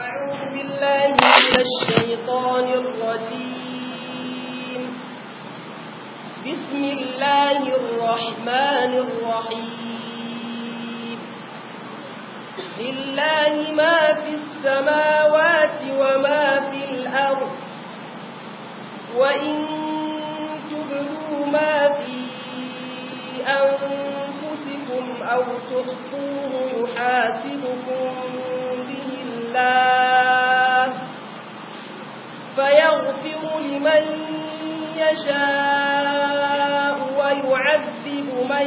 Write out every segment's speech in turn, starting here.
أعوذ بالله من الشيطان الرجيم بسم الله الرحمن الرحيم لله ما في السماوات وما في الأرض وإن تبدوا ما في أنفسكم أو تخفوه يحاسبكم الله فيغفر لمن يشاء ويعذب من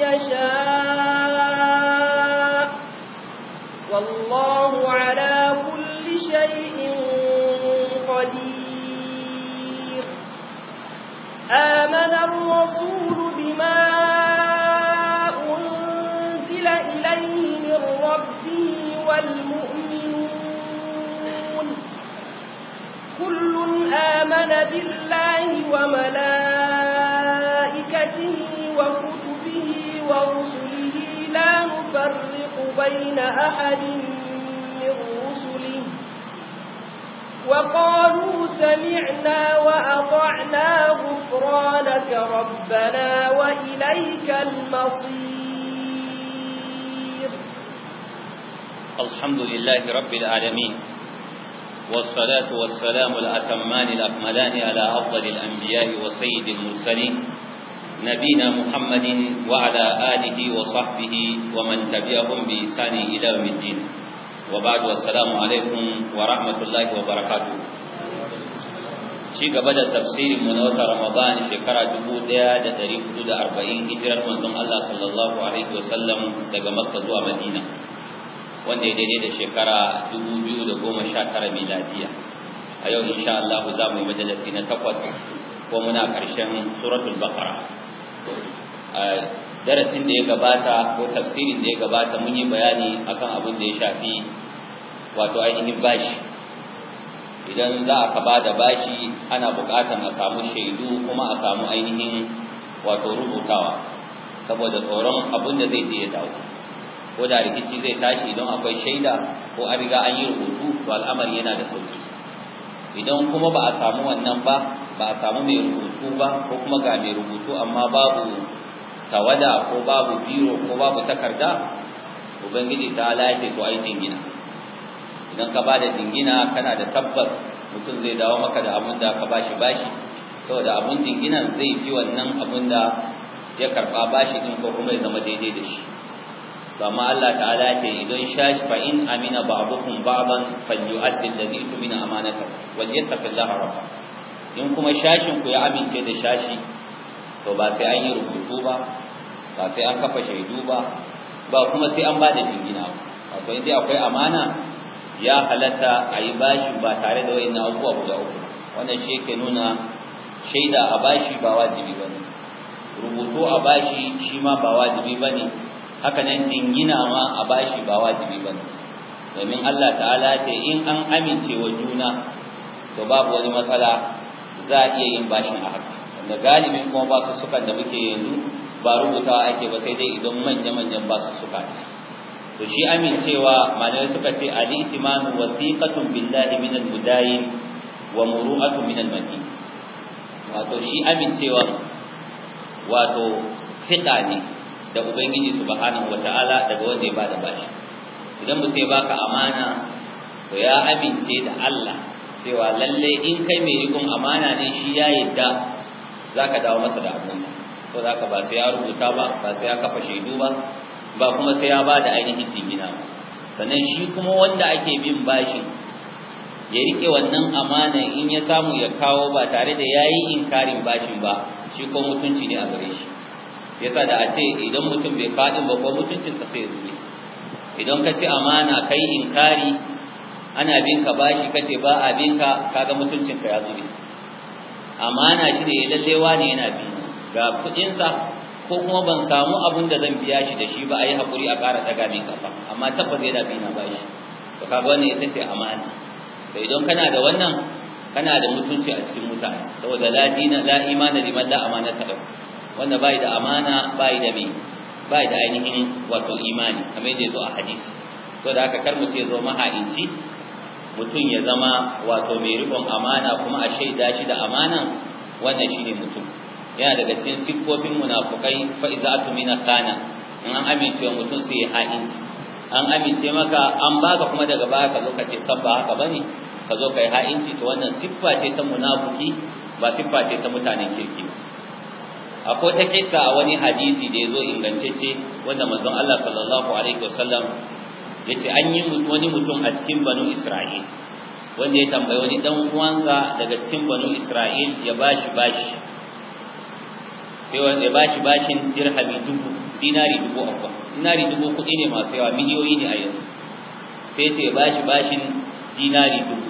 يشاء والله على كل شيء قدير آمن الرسول بما أنزل إليه من ربه والمؤمنين آمن بالله وملائكته وكتبه ورسله لا نفرق بين أحد من رسله وقالوا سمعنا وأطعنا غفرانك ربنا وإليك المصير الحمد لله رب العالمين والصلاة والسلام الأتمان الأكملان على أفضل الأنبياء وسيد المرسلين نبينا محمد وعلى آله وصحبه ومن تبعهم بإحسان إلى يوم الدين وبعد والسلام عليكم ورحمة الله وبركاته ci gaba da tafsirin mu na wata Ramadan shekara 1440 hijirar manzon Allah sallallahu alaihi wasallam daga Makka zuwa Madina wanda ya daidai da shekara 2019 miladiya a yau insha Allah za mu yi majalisi na takwas ko muna karshen suratul baqara darasin da ya gabata ko tafsirin da ya gabata mun yi bayani akan abin da ya shafi wato ainihin bashi idan za a ba da bashi ana buƙatar a samu shaidu kuma a samu ainihin wato rubutawa saboda tsoron abin da zai je ya dawo ko da rikici zai tashi idan akwai shaida ko an riga an yi rubutu to al'amari yana da sauki idan kuma ba a samu wannan ba ba a samu mai rubutu ba ko kuma ga mai rubutu amma babu tawada ko babu biro ko babu takarda ubangiji ta lafi ko ai jingina idan ka bada dingina kana da tabbas mutum zai dawo maka da abun da ka bashi bashi saboda abun dinginan zai fi wannan abun da ya karba bashi din ko kuma ya zama daidai da shi kama Allah ta'ala ce idan shashi fa in amina ba'dukum ba'dan falyu'addi alladhi tumina amanatahu walyattaqillaha rabba in kuma shashin ku ya amince da shashi to ba sai an yi rubutu ba ba sai an kafa shaidu ba ba kuma sai an bada da ba akwai dai akwai amana ya halatta a yi bashi ba tare da wayannan abubuwa guda uku wannan shi yake nuna shaida a bashi ba wajibi ne. rubutu a bashi shi ma ba wajibi bane haka nan jingina ma a bashi ba wajibi ba ne domin Allah ta'ala ce in an amince wa juna to babu wani matsala za a iya yin bashin a haka wanda galibin kuma basu suka da muke yanzu ba rubutawa ake ba sai dai idan manya-manyan su suka to shi amincewa malamai suka ce al-itimanu wasiqatun billahi min al-mudayin wa muru'atu min al-madin wato shi amincewa wato fiqa ne da ubangiji subhanahu wataala daga wanda ya bada bashi idan mutum ya baka amana to ya amince da Allah cewa lalle in kai mai rikon amana ne shi ya yadda zaka dawo masa da sa so zaka ba sai ya rubuta ba ba sai ya kafa shaidu ba ba kuma sai ya bada ainihin jingina ba sannan shi kuma wanda ake bin bashi ya rike wannan amana in ya samu ya kawo ba tare da yayi inkarin bashin ba shi ko mutunci ne a gare shi yasa da a ce idan mutum bai faɗin ba ko mutuncinsa sai zuwa idan ka ce amana kai inkari ana bin ka bashi kace ba a bin ka kaga mutuncinka ya zube amana shi ne lallewa ne yana bi ga kuɗinsa ko kuma ban samu abin da zan biya shi da shi ba a yi haƙuri a ƙara daga min kafa amma tabbas yana bi na bashi to kaga wannan ita ce amana da idan kana da wannan kana da mutunci a cikin mutane saboda la dina la imana liman la amanata lahu wanda bai da amana bai da me bai da ainihin wato imani kamar yadda zo a hadisi so da haka kar ce zo maha'inci mutum ya zama wato mai rikon amana kuma a shaida shi da amanan wannan shine mutum yana daga cikin siffofin munafukai fa iza kana in an amince wa mutum sai ya ha'inci an amince maka an baka kuma daga baya ka zo ka ce sabba haka bane ka zo ka yi ha'inci to wannan siffa ce ta munafuki ba siffa ce ta mutanen kirki akwai ta kisa a wani hadisi da yazo ce wanda manzon Allah sallallahu alaihi wasallam yace an yi wani mutum a cikin banu Isra'il wanda ya tambayi wani dan uwansa daga cikin banu Isra'il ya bashi bashi sai wanda ya bashi bashin dirhami dubu dinari dubu akwa dinari dubu kuɗi ne masu yawa miliyoyi ne a yanzu sai ce ya bashi bashin dinari dubu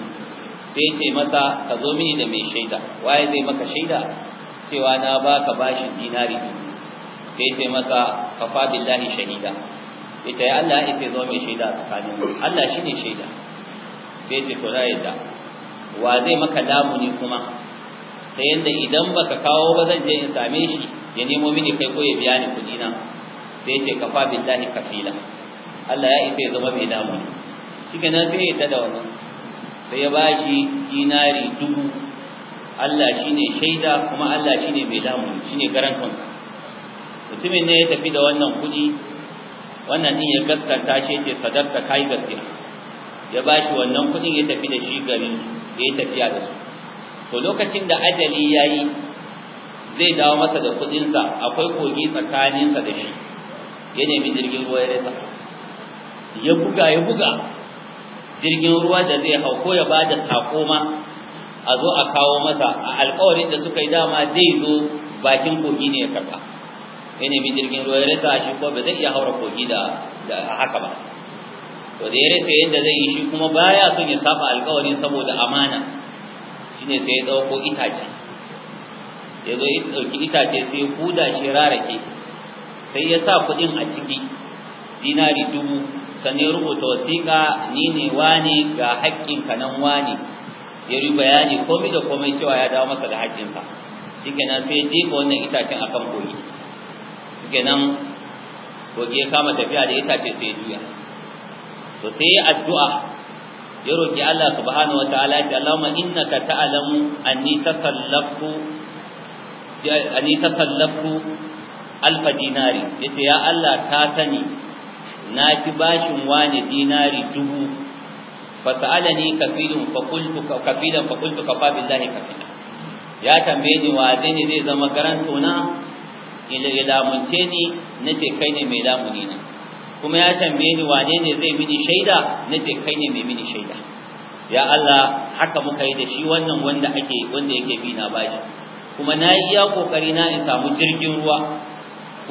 sai ce mata ka zo mini da mai shaida waye zai maka shaida cewa na baka bashin dinari sai ce masa kafa billahi shahida ita ya Allah ya sai zo mai shaida tsakanin Allah shine shaida sai ce to na da wa zai maka damu ne kuma ta yanda idan baka kawo ba zan je in same shi ya nemo mini kai ko ya biya ni kudi na sai ce kafa billahi kafila Allah ya isa ya zama mai lamuni shikenan sai ya tada wannan sai ya bashi dinari dubu Allah shi ne shaida kuma Allah shi ne mai shi ne garan kansa mutumin ne ya tafi da wannan kudi wannan ɗin ya gaskanta shi ce sadarka kai gaskiya ya bashi wannan kudin ya tafi da shi garin ya tafiya da su to lokacin da ajali yi zai dawo masa da kudinsa akwai kogi tsakaninsa da shi ya nemi jirgin ruwa ya rasa ya buga ya buga jirgin ruwa da zai hau ko ya bada sako ma a zo a kawo masa a alƙawarin da suka yi dama zai zo bakin kogi ne ya karɓa ya nemi jirgin ruwa ya rasa shi ko ba zai iya haura kogi da haka ba to da ya rasa yadda zai yi shi kuma baya son ya safa alƙawarin saboda amana shine sai ya ɗauko itace ya zo ya ɗauki itace sai ya huda shi rarake sai ya sa kuɗin a ciki dinari dubu sannan ya rubuta wasiƙa ni ne wani ga haƙƙinka nan wani ya yi bayani komai da komai cewa ya dawo masa da ke nan sai jefa wannan itacen a akan kogi nan kogi ya kama tafiya da itace sai ya juya to sai addu'a ya roƙi Allah subhanahu ta'ala ya ce Allahumma innaka ta'lamu anni tasallaftu anni tasallaftu alf dinari yace ya Allah ka sani na ci bashin wani dinari dubu fasalani kafilun fa kafilan kafa billahi kafila ya tambaye ni wa ne zai zama garanto na ila ilamunce ni nace kai ne mai lamuni na kuma ya tambaye ni wane ne zai mini shaida nace kai ne mai mini shaida ya Allah haka muka yi da shi wannan wanda ake wanda yake bi na bashi kuma na yi kokari na in samu jirgin ruwa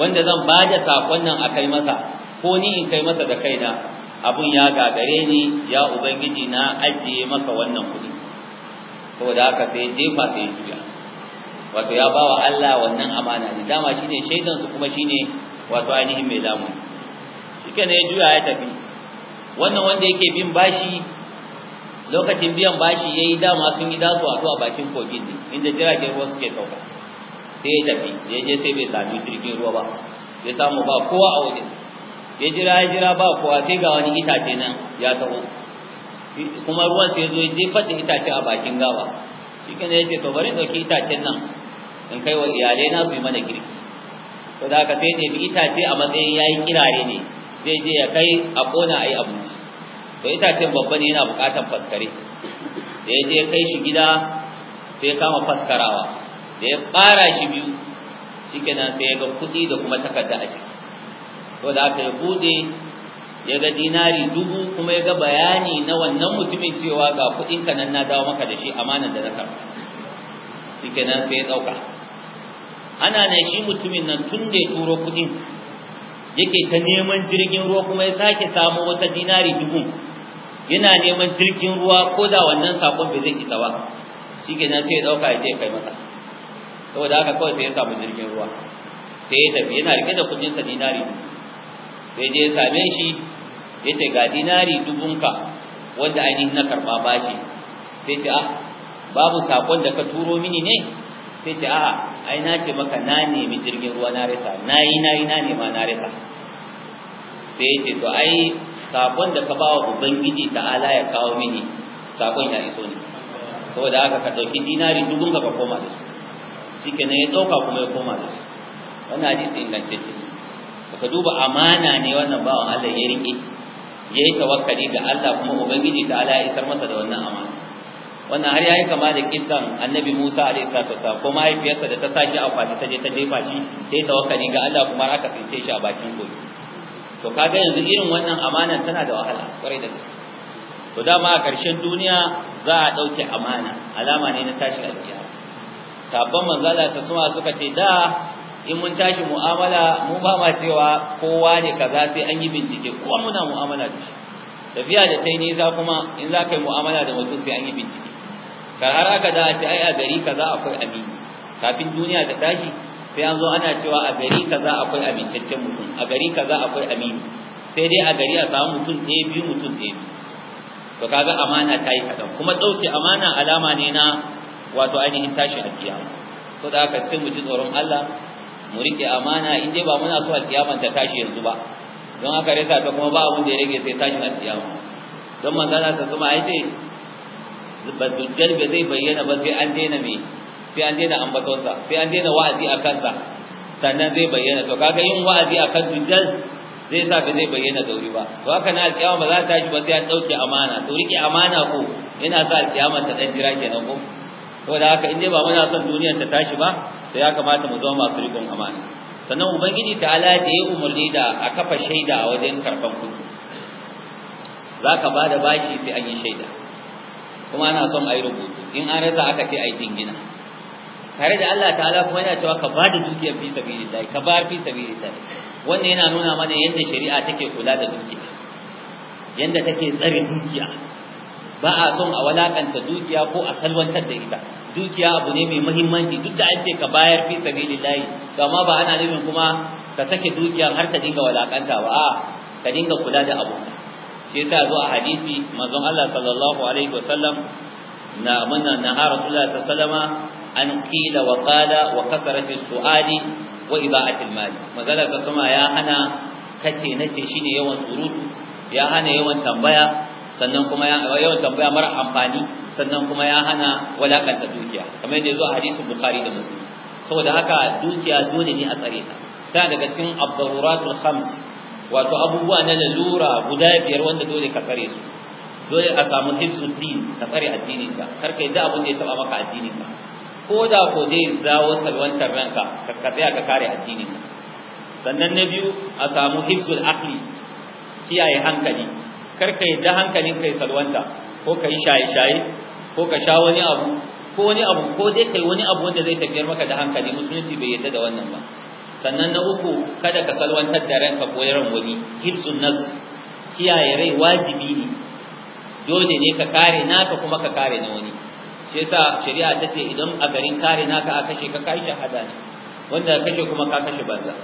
wanda zan ba da sakon nan a kai masa ko ni in kai masa da kaina abun ya gagare ni ya ubangiji na ajiye maka wannan kuɗi saboda haka sai jefa sai ya juya wato ya bawa Allah wannan amana ne dama shine shaidan su kuma shine wato ainihin mai damu shike ne juya ya tafi wannan wanda yake bin bashi lokacin biyan bashi yayi dama sun yi dasu a zuwa bakin kogin ne inda jiragen ruwa suke sauka sai ya tafi ya je sai bai sami jirgin ruwa ba ya samu ba kowa a wajen ya jira ya jira ba kuwa sai ga wani itace nan ya taho kuma ruwan sai zo ya jefar da itace a bakin gawa shi kan ya ce to bari ɗauki itacen nan in kai wa iyalai na su yi mana girki to da aka sai nemi itace a matsayin ya yi kirare ne zai je ya kai a kona a yi abinci to itacen babba ne yana buƙatar faskare da ya je kai shi gida sai kama faskarawa da ya fara shi biyu kenan sai ya ga kuɗi da kuma takarda a ciki to da aka bude ya ga dinari dubu kuma ya ga bayani na wannan mutumin cewa ga kuɗin ka nan na dawo maka da shi amanan da na karɓa shikenan sai ya dauka, ana ne shi mutumin nan tun da ya turo kuɗin yake ta neman jirgin ruwa kuma ya sake samu wata dinari dubu yana neman jirgin ruwa ko da wannan sakon bai zai isa ba shi kenan sai ya dauka ya je kai masa saboda haka kawai sai ya samu jirgin ruwa sai ya tafi yana rike da kudin sa dinari sai je ya same shi ya ce ga dinari dubunka wanda ainihin na karɓa bashi sai ce a ah, babu sakon da ka turo mini ne sai ce a ai na ce maka na nemi jirgin ruwa na rasa na yi na yi na nema na rasa sai ce to ai sakon da ka ba wa ubangiji ala ya kawo mini sakon ya iso ne saboda haka ka ɗauki dinari dubunka ka koma da su shi kenan ya ɗauka kuma ya koma da su wannan hadisi ingantacce ne ka duba amana ne wannan bawan Allah ya rike ya yi tawakkali ga Allah kuma ubangiji ta Allah ya isar masa da wannan amana wannan har yayi kama da kitan annabi Musa alaihi salatu wasallam ko mahaifiyarsa da ta saki a fati ta je ta jefa shi sai tawakkali ga Allah kuma aka fice shi a bakin koyi to kaga yanzu irin wannan amana tana da wahala kwarai da gaske to dama a ƙarshen duniya za a ɗauke amana alama ne na tashi alƙiyama sabon manzala sa suma suka ce da in mun tashi mu'amala mu ba ma cewa kowa ne kaza sai an yi bincike kowa muna mu'amala da shi tafiya da ta ne za kuma in za ka yi mu'amala da mutum sai an yi bincike kar har aka da ce ai a gari kaza akwai amini kafin duniya ta tashi sai an zo ana cewa a gari kaza akwai amincaccen mutum a gari kaza akwai amini sai dai a gari a samu mutum ɗaya biyu mutum ɗaya to kaga amana ta yi kaɗan kuma ɗauke amana alama ne na wato ainihin tashi a kiyama so da aka ce mu ji tsoron Allah mu rike amana in dai ba muna so alkiyaman ta tashi yanzu ba don haka rasa ta kuma ba abun da ya rage sai tashin alkiyama don manzana ta suma ya ce dujjal ba zai bayyana ba sai an daina me sai an daina ambatonsa sai an daina wa'azi a kansa sannan zai bayyana to kaga yin wa'azi a kan dujjal zai sa ba zai bayyana da wuri ba to haka na alkiyama ba za ta tashi ba sai an ɗauke amana to rike amana ko yana sa alkiyama ta ɗan jira kenan ko saboda haka in dai ba muna son duniyar ta tashi ba sai ya kamata mu zama masu rikon amana sannan ubangiji ta'ala da ya umarni da a kafa shaida a wajen karban ka ba da bashi sai an yi shaida kuma ana son a yi rubutu in an rasa aka ce a yi jingina tare da Allah ta'ala kuma yana cewa ka da dukiyar fi sabilillah ka ba fi yi. wannan yana nuna mana yadda shari'a take kula da dukiya yadda take tsare dukiya ba a son a walakanta dukiya ko a salwantar da ita dukiya abu ne mai muhimmanci duk da ake ka bayar fi sabilillahi to amma ba ana nufin kuma ka sake dukiya har ta dinga walakanta ba a ka dinga kula da abu shi yasa zo a hadisi manzon Allah sallallahu alaihi wasallam na manna na rasulullah sallallahu an qila wa qala wa kasarati su'ali wa ibaatil mal magana sa sama ya hana kace nace shine yawan surutu ya hana yawan tambaya sannan kuma yawan tambaya mara amfani sannan kuma ya hana walakanta dukiya kamar yadda ya zo a hadisin bukhari da muslim saboda haka dukiya dole ne a tsare ta sai daga cikin abdaruratul khams wato abubuwa na lalura guda biyar wanda dole ka tsare su dole a samu din ka tsare addinin ka kar ka yadda abin da ya taba maka addinin ka ko da ko dai zawo salwantar ranka ka tsaya ka kare addinin ka sannan na biyu a samu hifzul aqli kiyaye hankali karka da hankalin kai salwanta ko ka yi shaye-shaye ko ka sha wani abu ko wani abu ko dai kai wani abu wanda zai tafiyar maka da hankali musulunci bai yadda da wannan ba sannan na uku kada ka salwantar da ranka ko yaran wani hibsun nas kiyaye rai wajibi ne dole ne ka kare naka kuma ka kare na wani shi yasa shari'a ta ce idan a garin kare naka a kashe ka kai shahada ne wanda kashe kuma ka kashe banza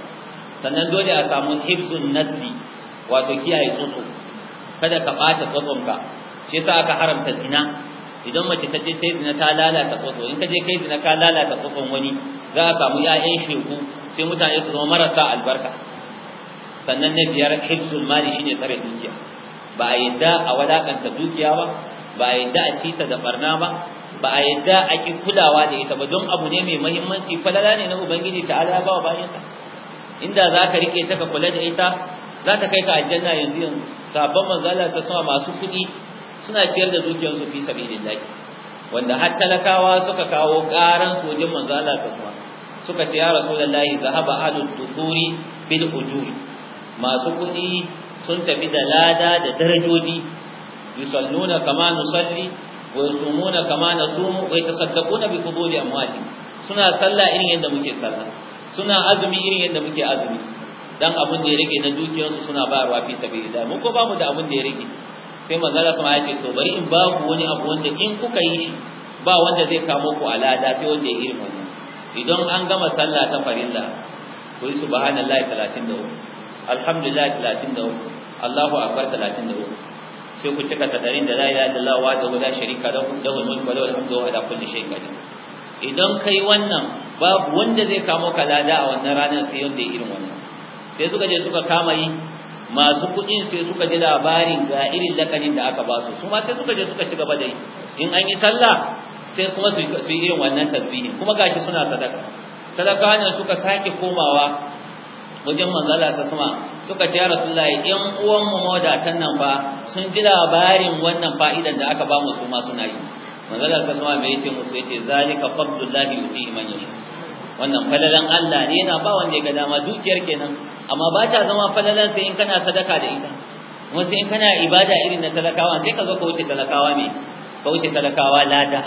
sannan dole a samu hibsun nasli wato kiyaye tsotso kada ka bata tsotsonka shi yasa aka haramta zina idan mace ta je ta zina ta lalata tsotso in ka je kai zina ka lalata tsotson wani za a samu ƴaƴan sheku sai mutane su zama marasa albarka sannan na biyar hibsul mali shine tsare dukiya ba a yadda a wadakanta dukiya ba ba a yadda a cita da barna ba ba a yadda a ki kulawa da ita ba don abu ne mai muhimmanci falala ne na ubangiji ta ala ba bayan sa inda za ka rike ta ka kula da ita za ta kai ka aljanna yanzu yanzu sabon manzo Allah sai sama masu kuɗi suna ciyar da su fi sabilillah wanda har talakawa suka kawo ƙaran sojin manzo Allah sai sama suka ce ya rasulullahi zahaba alud dusuri bil ujuri masu kuɗi sun tafi da lada da darajoji yusalluna kama nusalli wa yusumuna kama nasumu wa yatasaddaquna bi fuduli amwali suna sallah irin yadda muke sallah suna azumi irin yadda muke azumi dan abun da ya rage na dukiyarsu suna bayarwa fi sabilillah mun ko bamu da abun da ya rage sai manzala sun ya to bari in ba ku wani abu wanda in kuka yi shi ba wanda zai kamo ku alada sai wanda ya irin wannan idan an gama sallah ta farilla ku yi subhanallahi 33 alhamdulillahi 33 Allahu akbar 33 sai ku cika tadarin da la ilaha illallah wa da la sharika lahu lahul mulku wa lahul hamdu da ala kulli shay'in qadir idan kai wannan babu wanda zai kamo ka lada a wannan ranar sai wanda ya irin wannan sai suka je suka kama yi masu kuɗin sai suka ji labarin ga irin lakanin da aka ba su su ma sai suka je suka ci gaba da yi in an yi sallah sai kuma su yi irin wannan tasbihin kuma gashi suna sadaka sadaka ne suka sake komawa wajen manzala sa suma suka ce rasulullahi yan uwan mu tan nan fa sun ji labarin wannan fa'idan da aka ba mu su ma suna yi manzala sa suma me yace musu yace zalika fadlullahi yuti man yasha wannan falalan Allah ne yana ba wanda ya ga dama dukiyar kenan amma ba ta zama falalan sai in kana sadaka da ita kuma sai in kana ibada irin na talakawa sai ka zo ka wuce talakawa ne ka wuce talakawa lada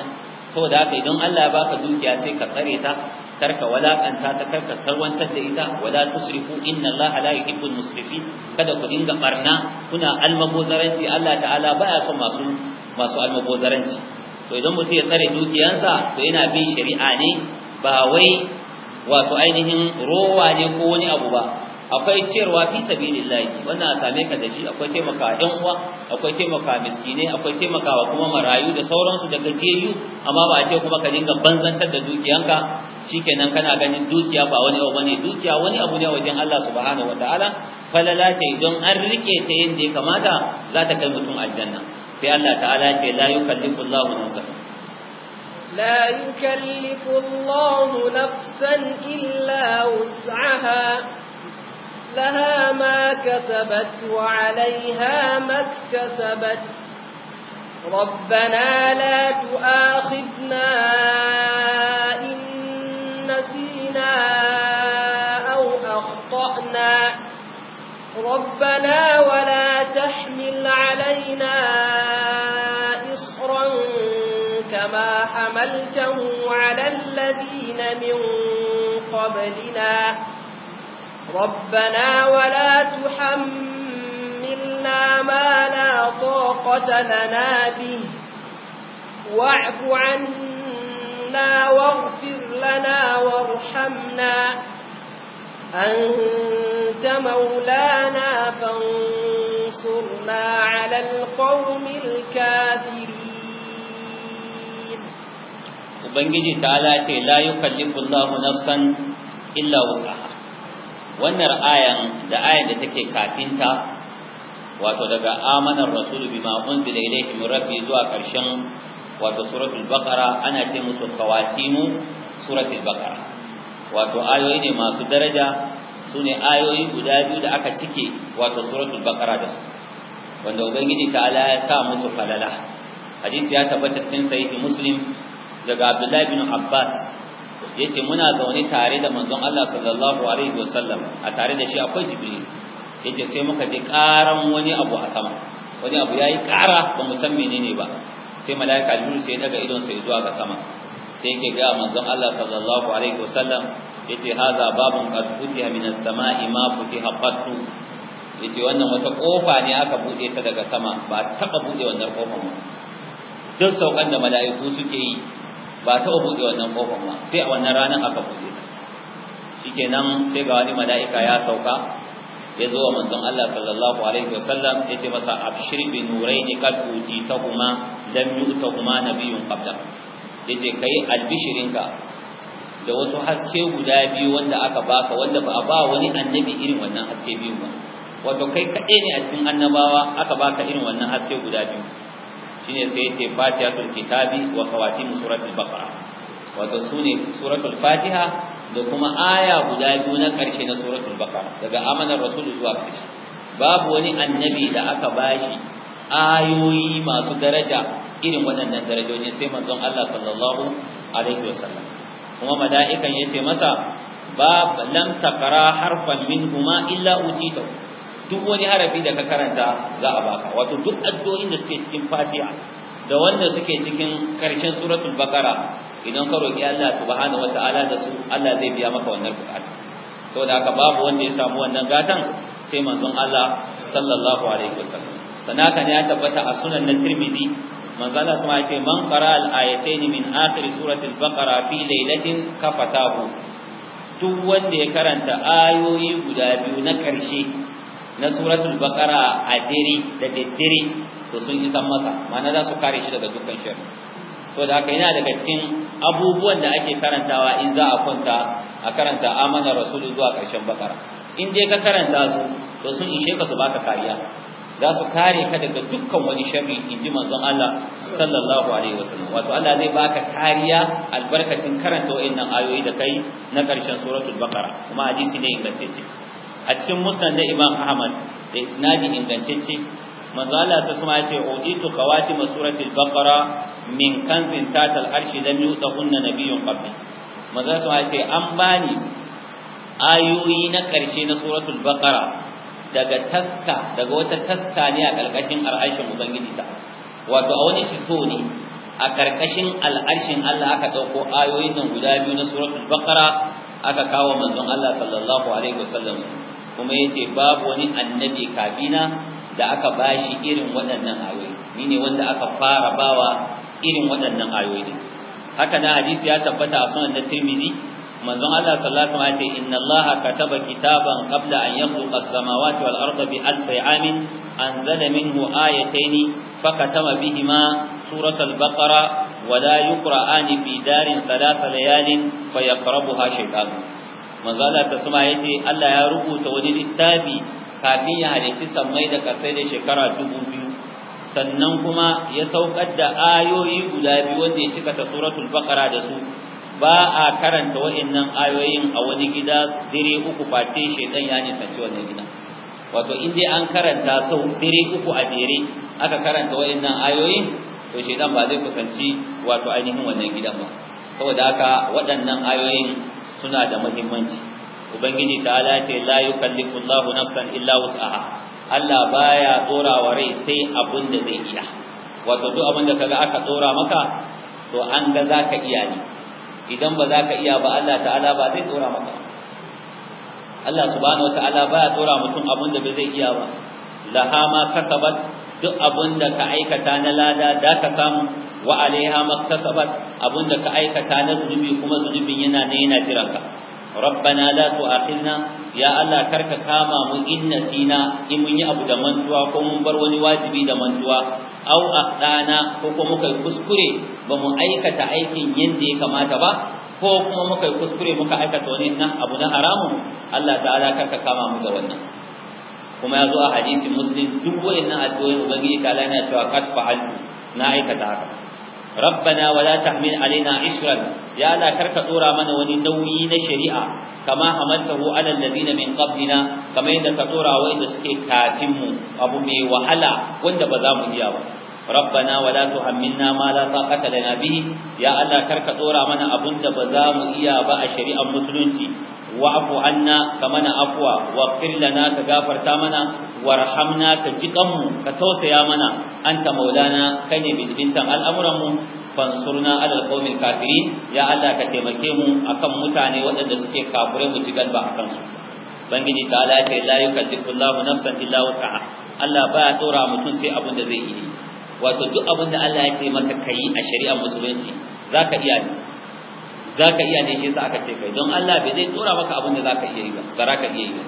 saboda haka idan Allah ya baka dukiya sai ka tsare ta karka walakanta ta karka sarwantar da ita wala tusrifu inna Allah la al musrifin kada ku dinga barna kuna almabozaranci Allah ta'ala baya son masu masu almabozaranci to idan mutum ya tsare dukiyarsa, to yana bin shari'a ne ba wai wato ainihin rowa ne ko wani abu ba akwai ciyarwa fi sabilillahi wannan a same ka da shi akwai taimaka yan uwa akwai taimaka miskine akwai taimakawa kuma marayu da sauransu da gajiyayyu amma ba a ce kuma ka dinga banzantar da dukiyanka shikenan kana ganin dukiya ba wani abu bane dukiya wani abu ne wajen Allah subhanahu wataala falala ce don an rike ta yadda ya kamata za ta kai mutum aljanna sai Allah ta'ala ce la yukallifullahu nafsan لا يكلف الله نفسا إلا وسعها لها ما كسبت وعليها ما اكتسبت ربنا لا تؤاخذنا إن نسينا أو أخطأنا ربنا ولا تحمل علينا حملته على الذين من قبلنا ربنا ولا تحملنا ما لا طاقة لنا به واعف عنا واغفر لنا وارحمنا أنت مولانا فانصرنا على القوم الكافرين ubangiji ta'ala ce la yukallifu Allahu nafsan illa wus'aha wannan ayan da ayan da take kafinta wato daga amanar rasul bima unzila ilayhi min rabbi zuwa karshen wato suratul baqara ana ce musu khawatimu suratul baqara wato ayoyi ne masu daraja sune ayoyi guda biyu da aka cike wato suratul baqara da su wanda ubangiji ta'ala ya sa musu falala hadisi ya tabbata cikin sahihi muslim daga Abdullahi bin Abbas ya ce muna zaune tare da manzon Allah sallallahu alaihi wasallam a tare da shi akwai jibiri. Ya ce sai muka ji karan wani abu a sama wani abu ya yi kara ba mu san menene ba sai malaika Jibril sai daga idon sai zuwa ga sama sai yake ga manzon Allah sallallahu alaihi wasallam yace hadha babun qad futiha min as-sama'i ma futiha qattu yace wannan wata ƙofa ne aka bude ta daga sama ba taba bude wannan kofar ba duk saukan da mala'iku suke yi ba ta buɗe wannan kofar ba sai a wannan ranar aka buɗe shikenan sai ga wani mala'ika ya sauka ya zo wa manzon Allah sallallahu alaihi wasallam ya ce masa abshir bi nuraini ta kuma lam kuma nabiyun qabla ya ce kai albishirinka da wasu haske guda biyu wanda aka baka wanda ba a ba wani annabi irin wannan haske biyu ba wato kai kaɗai ne a cikin annabawa aka baka irin wannan haske guda biyu shine sai yace fatihatul kitabi wa khawatim suratul baqara wato sune suratul fatiha da kuma aya guda biyu na ƙarshe na suratul baqara daga amanar rasul zuwa karshe babu wani annabi da aka bashi ayoyi masu daraja irin waɗannan darajoji sai manzon Allah sallallahu alaihi wasallam kuma mala'ikan yace masa ba lam taqra harfan minhuma illa utitahu duk wani harafi da ka karanta za a baka wato duk addu'o'in da suke cikin Fatiha da wanda suke cikin karshen suratul Baqara idan ka roki Allah subhanahu wataala da su Allah zai biya maka wannan bukata saboda haka babu wanda ya samu wannan gatan sai manzon Allah sallallahu alaihi wasallam sanaka ne ya tabbata a sunan na Tirmidhi manzon Allah sama yake man qara al-ayatayn min akhir suratul Baqara fi laylatin kafatahu duk wanda ya karanta ayoyi guda biyu na karshe na suratul baqara a diri da daddare to sun isan masa mana za su kare shi daga dukkan shari to da haka yana daga cikin abubuwan da ake karantawa in za a kwanta a karanta amana rasulu zuwa karshen baqara in dai ka karanta su to sun ishe ka su baka kariya za su kare ka daga dukkan wani shari in ji manzon Allah sallallahu alaihi wasallam wato Allah zai baka kariya albarkacin karanta wayannan ayoyi da kai na karshen suratul baqara kuma hadisi ne ingantacce a cikin musnad da Imam Ahmad da isnadi ingantacce manzo Allah sai kuma yace uditu khawatim surati al-baqara min kanzin tatal arshi lam yutahunna nabiyyun qabli manzo sai yace an bani ayoyi na karshe na suratul baqara daga taska daga wata taska ne a karkashin al'arshin ubangiji ta wato a wani sito ne a karkashin al'arshin Allah aka dauko ayoyin nan guda biyu na suratul baqara aka kawo manzon Allah sallallahu alaihi wasallam kuma yace babu wani annabi kafina da aka bashi irin waɗannan ayoyi ni ne wanda aka fara bawa irin waɗannan ayoyi haka na hadisi ya tabbata a sunan da Tirmidhi manzon Allah sallallahu alaihi wasallam ya ce inna Allah kataba kitaban qabla an yakhluqa as-samawati wal arda bi alfi amin anzala minhu ayatayn fakatama bihima surat al-baqara wa la yuqra'ani fi darin thalath layalin fayaqrabuha shaytan Allah ta suma yace Allah ya rubuta wani littafi kafin ya halicci sammai da kasai da shekara dubu biyu sannan kuma ya saukar da ayoyi guda biyu wanda ya cika ta suratul baqara da su ba a karanta wa'annan ayoyin a wani gida dire uku face shedan ya sace wannan gida wato in dai an karanta sau dire uku a dire aka karanta wa'annan ayoyin to shedan ba zai kusanci wato ainihin wannan gidan ba saboda haka waɗannan ayoyin suna da muhimmanci ubangiji ala ce la yukallifu Allahu nafsan illa wus'aha Allah baya tsora wa rai sai abin da zai iya wato duk abin da kaga aka tsora maka to an ga zaka iya ne idan ba zaka iya ba Allah ta'ala ba zai tsora maka Allah subhanahu wa ta'ala baya tsora mutum abin da bai zai iya ba laha ma kasabat duk abun da ka aikata na lada da ka samu wa alaiha maktasabat abun da ka aikata na zunubi kuma zunubin yana ne yana jiranka rabbana la tu'akhidna ya Allah karka kama mu in nasina in mun yi abu da mantuwa ko mun bar wani wajibi da mantuwa aw akhdana ko kuma kai kuskure ba mu aikata aikin yanda ya kamata ba ko kuma muka kuskure muka aikata wani nan abu na haramun Allah ta'ala karka kama mu da wannan kuma ya zo a hadisin muslim duk wa'annan addu'o'in ubangiji ta lana cewa qad fa'altu na aikata haka rabbana wala tahmil alaina isran ya la karka dora mana wani nauyi na shari'a kama hamaltahu ala alladhina min qablina kama yadda ka dora wa inda suke kafin mu abu mai wahala wanda ba za mu iya ba rabbana wala tuhammilna ma la taqata lana bihi ya Allah karka tsora mana abun da ba za mu iya ba a shari'ar musulunci wa'fu mana kamana afwa waghfir lana ka gafarta mana warhamna ka jikan mu ka tausaya mana anta maulana kai ne bidintan al'amuran mu fansurna alal qawmil kafirin ya Allah ka taimake mu akan mutane waɗanda suke kafure mu jigal ba akan su bangiji ta Allah ya ce la yukallifu Allahu nafsan illa Allah baya tsora mutum sai abun da zai yi wato duk abin da Allah ya ce maka kai a shari'ar musulunci za ka iya ne Za ka iya ne shi yasa aka ce kai don Allah bai zai tsora maka abin da za ka iya yi ba ba ka iya yi ba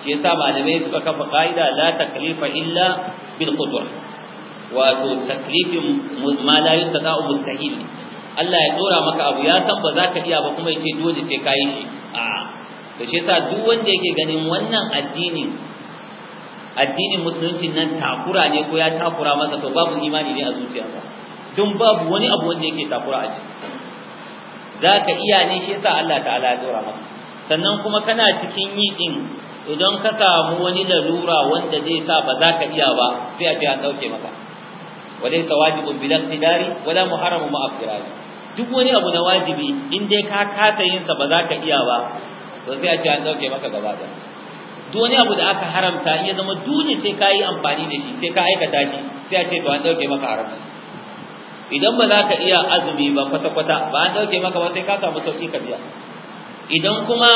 shi yasa malamai suka kafa qaida la taklifa illa bil qudrah wato taklifin ma la yustata mustahil Allah ya dora maka abu ya san ba za ka iya ba kuma ya ce dole sai ka yi shi A'a. to shi yasa duk wanda yake ganin wannan addinin. addinin musulunci nan takura ne ko ya takura masa to babu imani ne a zuciyarsa don babu wani abu wanda yake takura a ciki zaka iya ne shi yasa Allah ta'ala ya dora maka sannan kuma kana cikin yi din idan ka samu wani lalura wanda zai sa ba za ka iya ba sai a ce an dauke maka wadai sawajibun bil iqtidari wala muharramu ma aftirari duk wani abu na wajibi in dai ka kasa yin sa ba za ka iya ba to sai a ce an dauke maka gaba ɗaya duk wani abu da aka haramta ya zama dole sai ka yi amfani da shi sai ka aikata shi sai a ce to an dauke maka haramci idan ba za ka iya azumi ba kwata-kwata ba an dauke maka ba sai ka samu sauki ka biya idan kuma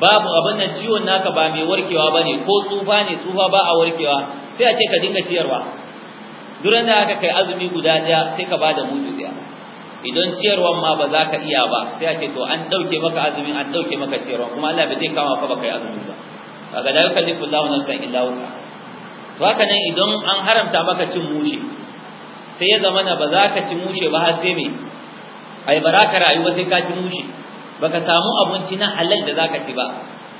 babu abin nan ciwon naka ba mai warkewa ba ne ko tsufa ne tsufa ba a warkewa sai a ce ka dinga ciyarwa duran da aka kai azumi guda ɗaya sai ka ba da mutu ɗaya idan ciyarwan ma ba za ka iya ba sai a ce to an dauke maka azumin an dauke maka ciyarwan kuma Allah bai zai kama ka ba kai azumin ba daga da yake kullahu nafsan illa wusa to haka nan idan an haramta maka cin mushe sai ya zamana ba za ka ci mushe ba har sai me ai baraka rayuwa sai ka ci mushe baka samu abinci na halal da za ka ci ba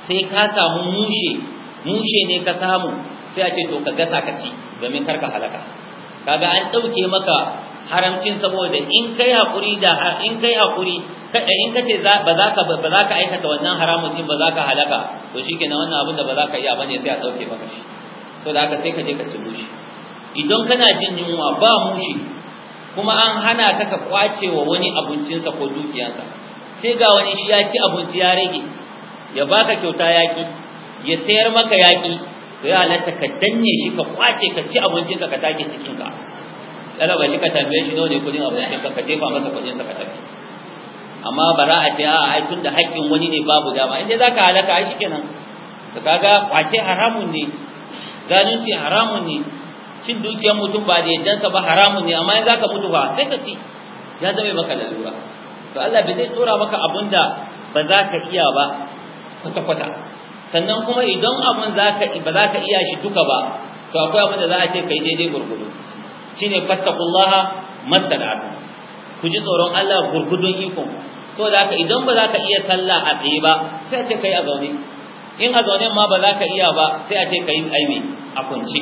sai ka samu mushe mushe ne ka samu sai a ce to ka gasa ka ci domin karka halaka kaga an dauke maka haramcin saboda in kai hakuri da in kai hakuri eh, in kace ba za ka ba za ka aikata wannan haramun din ba za ka halaka to shikenan wannan abin da ba za ka iya bane sai a dauke maka shi to da haka sai ka je ka ci shi idan kana jin yunwa ba mushi kuma an hana ka ka kwace wa wani abincinsa ko dukiyarsa sai ga wani shi ya ci abinci ya rage ya baka kyauta yaki ya sayar maka yaki to ya halatta ka danne shi ka kwace ka ci abincinka ka take ka ba shi ka tambaye shi nawa ne kudin abu ka ka tefa masa kudin sa ka tafi amma bara'a ta a ai tunda haƙƙin wani ne babu dama in dai zaka halaka ai shikenan to kaga kwace haramun ne zalunci haramun ne cin dukiyar mutum ba da sa ba haramun ne amma in zaka mutu ba sai ka ci ya zama maka lalura to Allah bai zai tsora maka abunda ba za ka iya ba kwata kwata sannan kuma idan abun zaka ba za ka iya shi duka ba to akwai abin da za a ce kai daidai gurgudu shine fattaqullaha masalatu ku ji tsoron Allah gurgudun ikon so da haka idan ba za ka iya sallah a tsaye ba sai a ce kai a zaune in a zaune ma ba za ka iya ba sai a ce kai aibe a kunci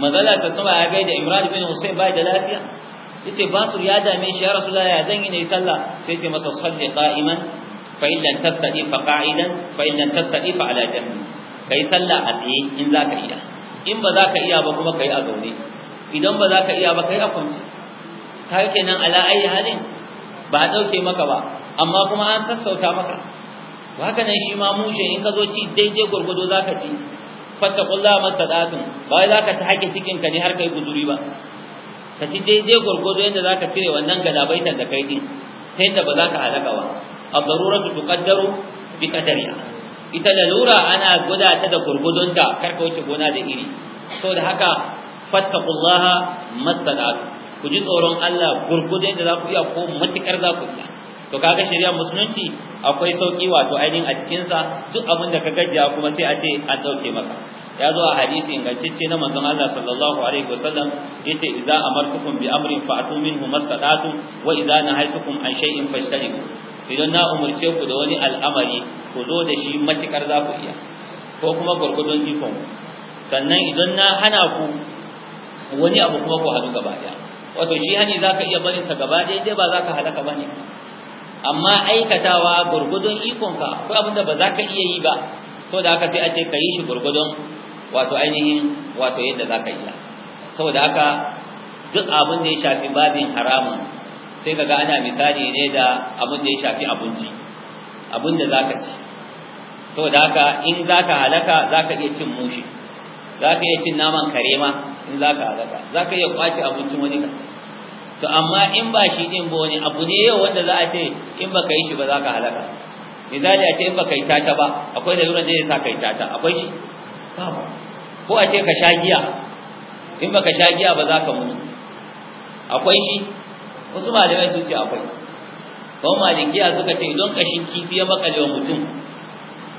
manzala sa sama ya gaida Imran bin Husayn bai da lafiya yace su ya dame shi ya rasulullah ya zan yi ne sallah sai ke masa salli qa'iman fa in lam tastati fa qa'idan fa in lam tastati fa ala jambi kai sallah a tsaye in za ka iya in ba za ka iya ba kuma kai a zaune idan ba za ka iya ba kai a Ka yake nan ala ayi halin ba a ɗauke maka ba amma kuma an sassauta maka haka nan shi ma mushe in ka zo ci daidai gwargwado za ka ci fattakullah mastata'atun ba za ka ta haƙe cikinka ne har kai guduri ba ka ci daidai gwargwado yadda za ka cire wannan gada gadabaitar da kai din ta yadda ba za ka halaka ba a baruratu tuqaddaru bi qadariha ita lalura ana gudata ta da gurgudunta karka wuce gona da iri so da haka fattaqullaha mastata'tu ku ji tsoron Allah gurgudai da za ku iya ko matukar za ku iya to kaga shari'a musulunci akwai sauki wato ainihin a cikin sa duk abin da ka gajiya kuma sai a ce an dauke maka ya zo a hadisi ingantacce na manzon Allah sallallahu alaihi wasallam yace idza amartukum bi amrin fa'tu minhu masalatu wa idza nahaytukum an shay'in fajtanibu idan na umurce ku da wani al'amari ku zo da shi matukar za ku iya ko kuma gurgudun ikon sannan idan na hana ku wani abu kuma ku hadu gaba ɗaya wato shi hani za ka iya sa gaba ɗaya dai ba za ka halaka ba amma aikatawa gurgudun ka ko abin da ba za ka iya yi ba so da haka sai a ce ka yi shi gurgudun wato ainihin wato yadda za ka iya saboda haka duk abin da ya shafi babin haramun sai kaga ana misali ne da abin da ya shafi abinci abin da za ka ci saboda haka in za ka halaka za ka iya cin mushi za ka iya cin naman kare ma in za ka halaka za ka iya kwace abincin wani ka to amma in ba shi din ba wani abu ne yau wanda za a ce in ba ka yi shi ba za ka halaka misali a ce in ba ka yi tata ba akwai da yuran da ya sa ka yi tata akwai shi ko a ce ka sha giya in ba ka sha giya ba za ka mutu akwai shi wasu malamai sun ce akwai kuma malikiya suka ce idan kashin kifi ya makale wa mutum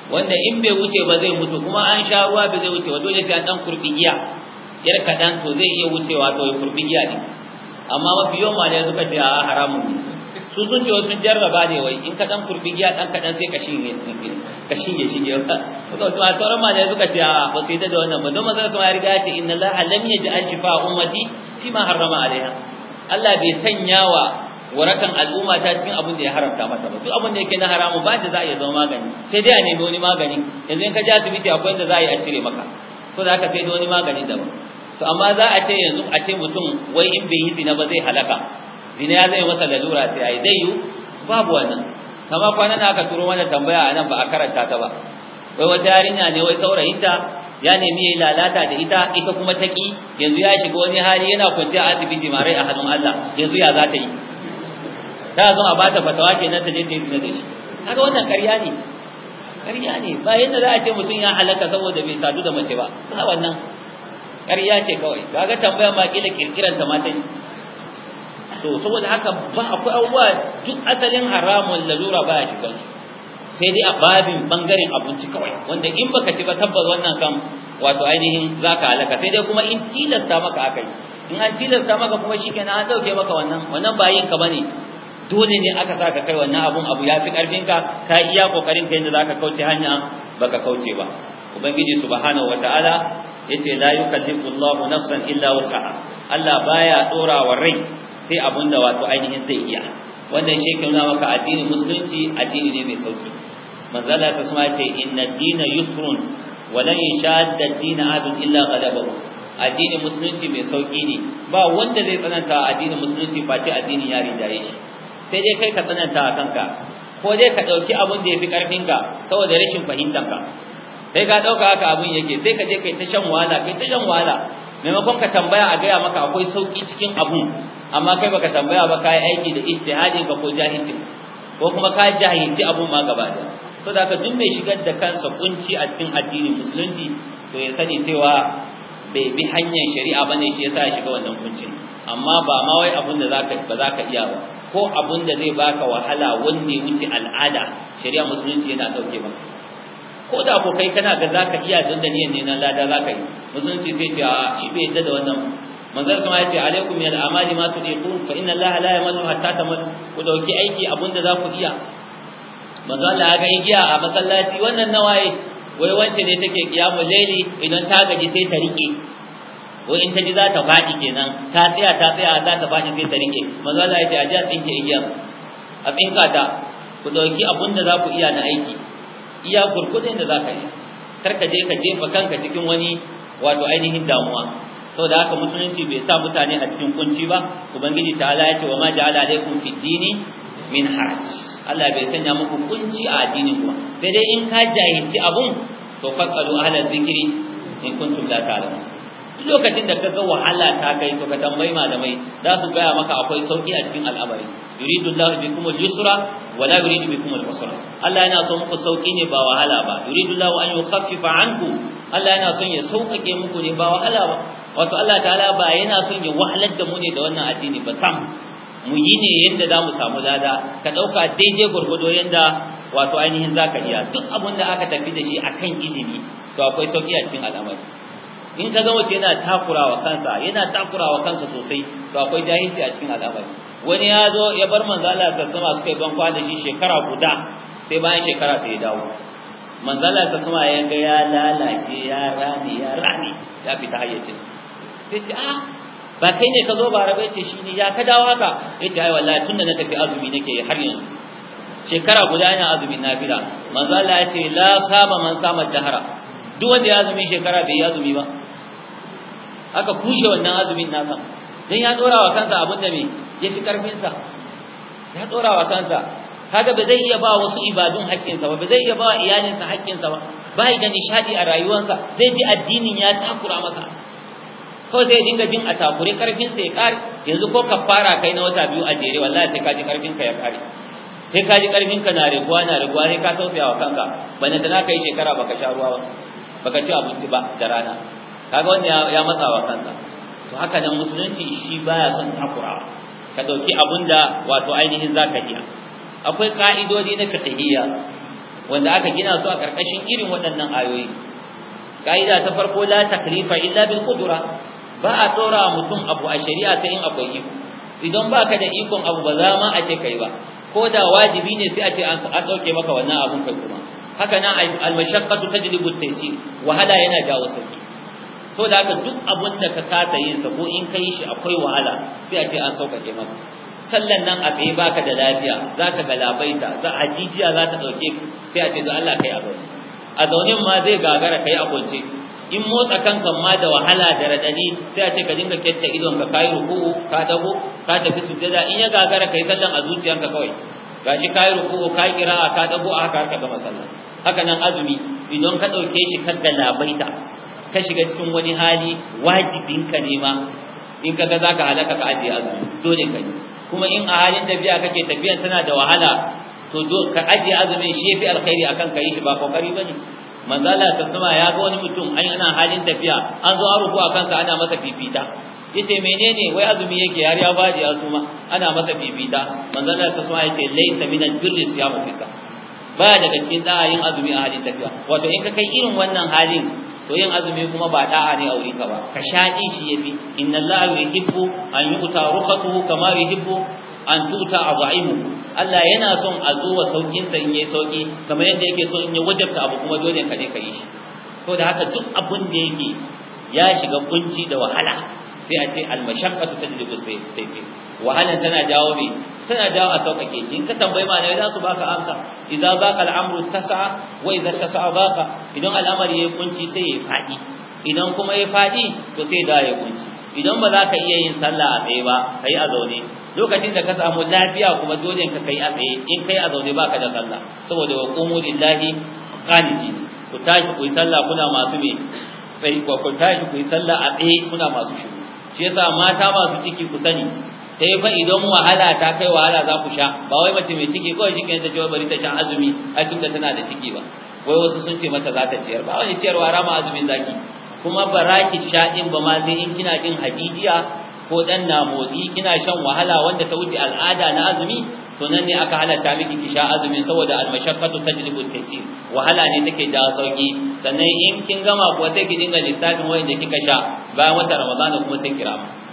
wanda in bai wuce ba zai mutu kuma an sha ruwa bai zai wuce ba dole sai an dan kurbi giya yar kadan to zai iya wucewa to ya kurbi giya ne amma mafi yawan malai suka ce a haramun ne su sun ce sun jarraba ne wai in ka dan kurbi giya dan kadan sai kashin ya kashin ya shige ba to sauran malai suka ce a ba sai da wannan ba don manzon sun ya riga ya ce inna allaha lam yaj'al shifa ummati fi ma harrama alaiha Allah bai sanya wa warakan al'umma ta cikin abin da ya haramta mata ba duk abin da yake na haramu ba da za a iya zama magani sai dai a nemi wani magani yanzu in ka je asibiti akwai da za a yi a cire maka so da haka sai da wani magani ba. to amma za a ce yanzu a ce mutum wai in bai yi zina ba zai halaka zina ya zai masa lalura sai ai zai yi babu wannan kama kwana na aka turo mana tambaya a nan ba a karanta ta ba wai wata yarinya ne wai saurayinta ya nemi ya lalata da ita ita kuma ta taki yanzu ya shiga wani hali yana kwanciya asibiti marai a hannun Allah yanzu ya za ta yi ta zo a bata fatawa kenan ta je ta yi zina da shi kaga wannan ƙarya ne ƙarya ne ba yadda za a ce mutum ya halaka saboda bai sadu da mace ba ba wannan ƙarya ce kawai ga tambaya ma kila kirkiran ta mata ne to saboda haka ba akwai abubuwa duk asalin haramun lalura ba ya shiga su sai dai a babin bangaren abinci kawai wanda in baka ci ba tabbas wannan kam wato ainihin za ka halaka sai dai kuma in tilasta maka aka yi in an tilasta maka kuma shi kenan an ɗauke maka wannan wannan ba yin ka bane dole ne aka sa ka kai wannan abun abu ya fi ƙarfinka ka iya kokarin ka za zaka kauce hanya baka kauce ba ubangiji subhanahu wataala yace la yukallifu Allahu nafsan illa wus'aha Allah baya dora wa rai sai abun da wato ainihin zai iya wannan shi ke nuna maka addinin musulunci addini ne mai sauki manzo Allah sai suma yace inna dina yusrun wa lan yashadda dina abin illa ghalabahu addinin musulunci mai sauki ne ba wanda zai tsananta addinin musulunci face addinin ya da shi sai dai kai ka tsananta a kanka ko dai ka ɗauki abin da ya fi ka saboda rashin ka. sai ka ɗauka haka abin yake sai ka je kai ta shan wahala kai ta shan wahala maimakon ka tambaya a gaya maka akwai sauƙi cikin abun amma kai baka tambaya ba ka yi aiki da istihadin ka ko jahilci ko kuma ka jahilci abun ma gaba da saboda da ka duk mai shigar da kansa kunci a cikin addinin musulunci to ya sani cewa bai bi hanyar shari'a bane shi yasa ya shiga wannan kunci amma ba ma wai abun da zaka ba zaka iya ba ko abun da zai baka wahala wanda ya wuce al'ada shari'a musulunci yana dauke ba ko da abokai kana ga zaka iya don da niyan ne na lada zaka yi musulunci sai ce a shi bai yadda da wannan manzon sun ya ce alaikum min al'amali ma tudiqun fa inna allaha la yamalu hatta tamal ku dauki aiki abinda za ku iya manzon Allah ya ga igiya a masallaci wannan nawaye wai wacce ne take kiyamul laili idan ta gaji sai ta rike wai in ta ji za ta faɗi kenan ta tsaya ta tsaya za ta faɗi sai ta rike manzo Allah ya ce a ji a tsinke igiya a tsinka ta ku dauki abun da za ku iya na aiki iya gurgudun da za ka yi kar ka je ka jefa kanka cikin wani wato ainihin damuwa saboda haka musulunci bai sa mutane a cikin kunci ba ubangiji ta'ala ya ce wa ma ja'ala alaikum fi dini min haraj Allah bai sanya muku kunci a addinin ku sai dai in ka jahilci abun to fasalu ahla zikri in kuntum la ta'lamun duk lokacin da kaga wahala ta kai to ka tambayi malamai za su gaya maka akwai sauki a cikin al'amari yuridu Allahu bikum al-yusra wa la yuridu bikum al-usra Allah yana so muku sauki ne ba wahala ba yuridu Allahu an yukhaffifa anku Allah yana son ya sauƙaƙe muku ne ba wahala ba wato Allah ta'ala ba yana son ya wahalar da mu ne da wannan addini ba sam mu yi ne yadda za mu samu lada ka ɗauka daidai gwargwado yadda wato ainihin za ka iya duk abin da aka tafi da shi kan ilimi to akwai sauƙi a cikin al'amari in ka ga mutum yana takurawa kansa yana takurawa kansa sosai to akwai jahilci a cikin al'amari wani ya zo ya bar Manza Allah sassama suka yi ban da shi shekara guda sai bayan shekara sai ya dawo manzo Allah sassama ya ga ya lalace ya rame ya rame ya fita hayyacin sai ce ah ba kai ne ka zo ba rabai ce shi ne ya ka dawo haka yace ai wallahi tunda na tafi azumi nake har yanzu shekara guda ina azumin bila manzo Allah ce la saba man sama dahara duk wanda ya azumi shekara bai azumi ba aka kushe wannan azumin nasa dan ya dora wa kansa abin da me fi karfin sa ya dora wa kansa kaga ba zai iya ba wasu ibadun sa ba ba zai iya ba iyalinsa sa ba bai da nishadi a rayuwarsa zai ji addinin ya takura masa ko sai dinga bin a takure karfin sai ya kare yanzu ko kafara kai na wata biyu a jere wallahi sai kaji karfin ka ya kare sai ka ji karfin ka na riguwa na riguwa sai ka tausaya wa kanka bane da naka yi shekara baka sha ruwa ba baka ci abinci ba da rana kaga wannan ya matsa wa kanka to haka nan musulunci shi baya son takurawa ka dauki abunda wato ainihin zaka iya akwai ka'idodi na fiqhiyya wanda aka gina su a karkashin irin waɗannan ayoyi ka'ida ta farko la taklifa illa bil qudra ba a tora mutum abu a shari'a sai in akwai iko idan ba ka da ikon abu ba za ma a ce kai ba ko da wajibi ne sai a ce an dauke maka wannan abun kai kuma haka nan al-mashaqqatu tajlibu at-taysir wahala yana jawo sauki so da haka duk abun da ka kasa yin sa ko in kai shi akwai wahala sai a ce an sauƙaƙe maka sallan nan a tsaye baka da lafiya za zaka galabaita za a jijiya za ta dauke sai a ce don Allah kai a zaune a zaunin ma zai gagara kai a kwance in motsa kanka ma da wahala da radani sai a ce ka dinga ketta idon ka kai ruku ka dago ka tafi sujjada in ya gagara kai sallan a zuciyarka kawai gashi kai ka kai a ka dago a haka ka gama sallah haka nan azumi idan ka dauke shi ka labaita, ka shiga cikin wani hali wajibin ka ne ma in kaga zaka halaka ka ajiye azumi dole ka yi kuma in a halin tafiya kake tafiyan tana da wahala to ka ajiye azumin shi yafi alkhairi akan ka yi shi ba kokari bane manzala ta sama ya ga wani mutum an ana halin tafiya an zo an ruku a kansa ana masa fifita yace menene wai azumi yake har ya baji azuma ana masa fifita manzala ta sama yace laysa min al jurri siyamu fisa baya daga cikin da'ayin azumi a halin tafiya wato in ka kai irin wannan halin to yin azumi kuma ba da'a ne a wuri ka ba ka sha din shi yafi inna allaha yuhibbu an yu'ta rukhatuhu kama yuhibbu an tuta azaimu Allah yana son a zo wa saukin ta in yayi sauki kamar yadda yake son in ya wajabta abu kuma dole ka je ka yi shi so da haka duk abun da yake ya shiga kunci da wahala sai a ce al-mashaqqatu tajlibu sayyi wahalan tana jawo me tana jawo a sauƙaƙe shi in ka tambayi malamai za su baka amsa idza baqa al'amru tasa'a wa idza tasa'a baqa idan al'amari ya kunci sai ya fadi idan kuma ya fadi to sai da ya kunci idan ba za ka iya yin sallah a tsaye ba kai a zaune lokacin da ka samu lafiya kuma dole ka kai a tsaye in kai a zaune baka da sallah saboda wa qumu lillahi qanitin ku tashi ku yi sallah kuna masu me ku tashi ku yi sallah a tsaye kuna masu shiru shi yasa mata masu ciki ku sani sai eh, fa idan wahala ta kai wahala za ku sha ba wai mace mai ciki kawai shi kenan ta ce bari ta sha azumi a tunda tana da ciki ba wai wasu sun ce mata za ta ciyar ba wani ciyarwa rama azumin zaki kuma baraki ki sha din ba ma sai in kina jin hajijiya ko dan na motsi kina shan wahala wanda ta wuce al'ada na azumi to nan ne aka halatta miki ki sha azumin saboda al-mashaqqatu tajlibu al-kasir wahala ne take da sauki sannan in kin gama ko sai ki dinga lissafin wanda kika sha bayan wata ramadana kuma sai kirama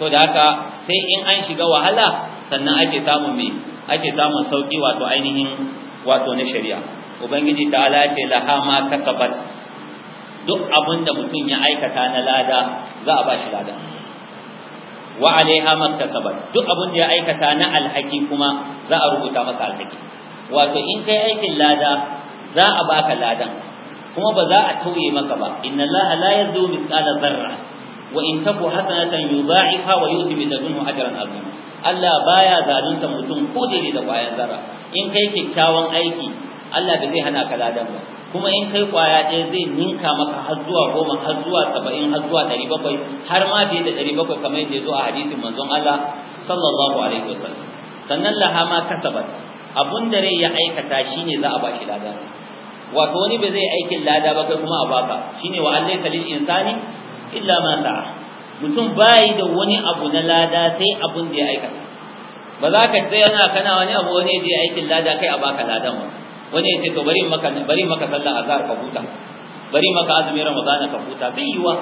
so da haka sai in an shiga wahala sannan ake samun me ake samun sauki wato ainihin wato na shari'a ubangiji ta'ala ce laha ma kasabat duk abin da mutum ya aikata na lada za a bashi lada wa alaiha ma kasabat duk abin da ya aikata na alhaki kuma za a rubuta masa alhaki wato in kai aikin lada za a baka ladan kuma ba za a tauye maka ba inna allaha la yadhu mithqala zarra. wa in taku hasanatan yudha'ifa wa yu'ti min ladunhu ajran azim Allah baya zalunta mutum ko da da kwayan zara in kai kyakkyawan aiki Allah da zai hana ka ladan ba kuma in kai kwaya ɗaya zai ninka maka har zuwa goma har zuwa saba'in har zuwa ɗari bakwai har ma fiye da ɗari bakwai kamar yadda ya zo a hadisin manzon Allah sallallahu alaihi wasallam sannan lahama ma kasabat abun da rai ya aikata shine za a ba shi ladan wato wani ba zai aikin lada ba kai kuma a baka shine wa allai salil insani illa ma sa'a mutum bai da wani abu na lada sai abun da ya aikata ba za ka tsaya na kana wani abu wani da ya aikin lada kai a baka ladan ba wani ya ce to bari maka bari maka sallar azhar ka huta bari maka azumin ramadana ka huta bai yiwa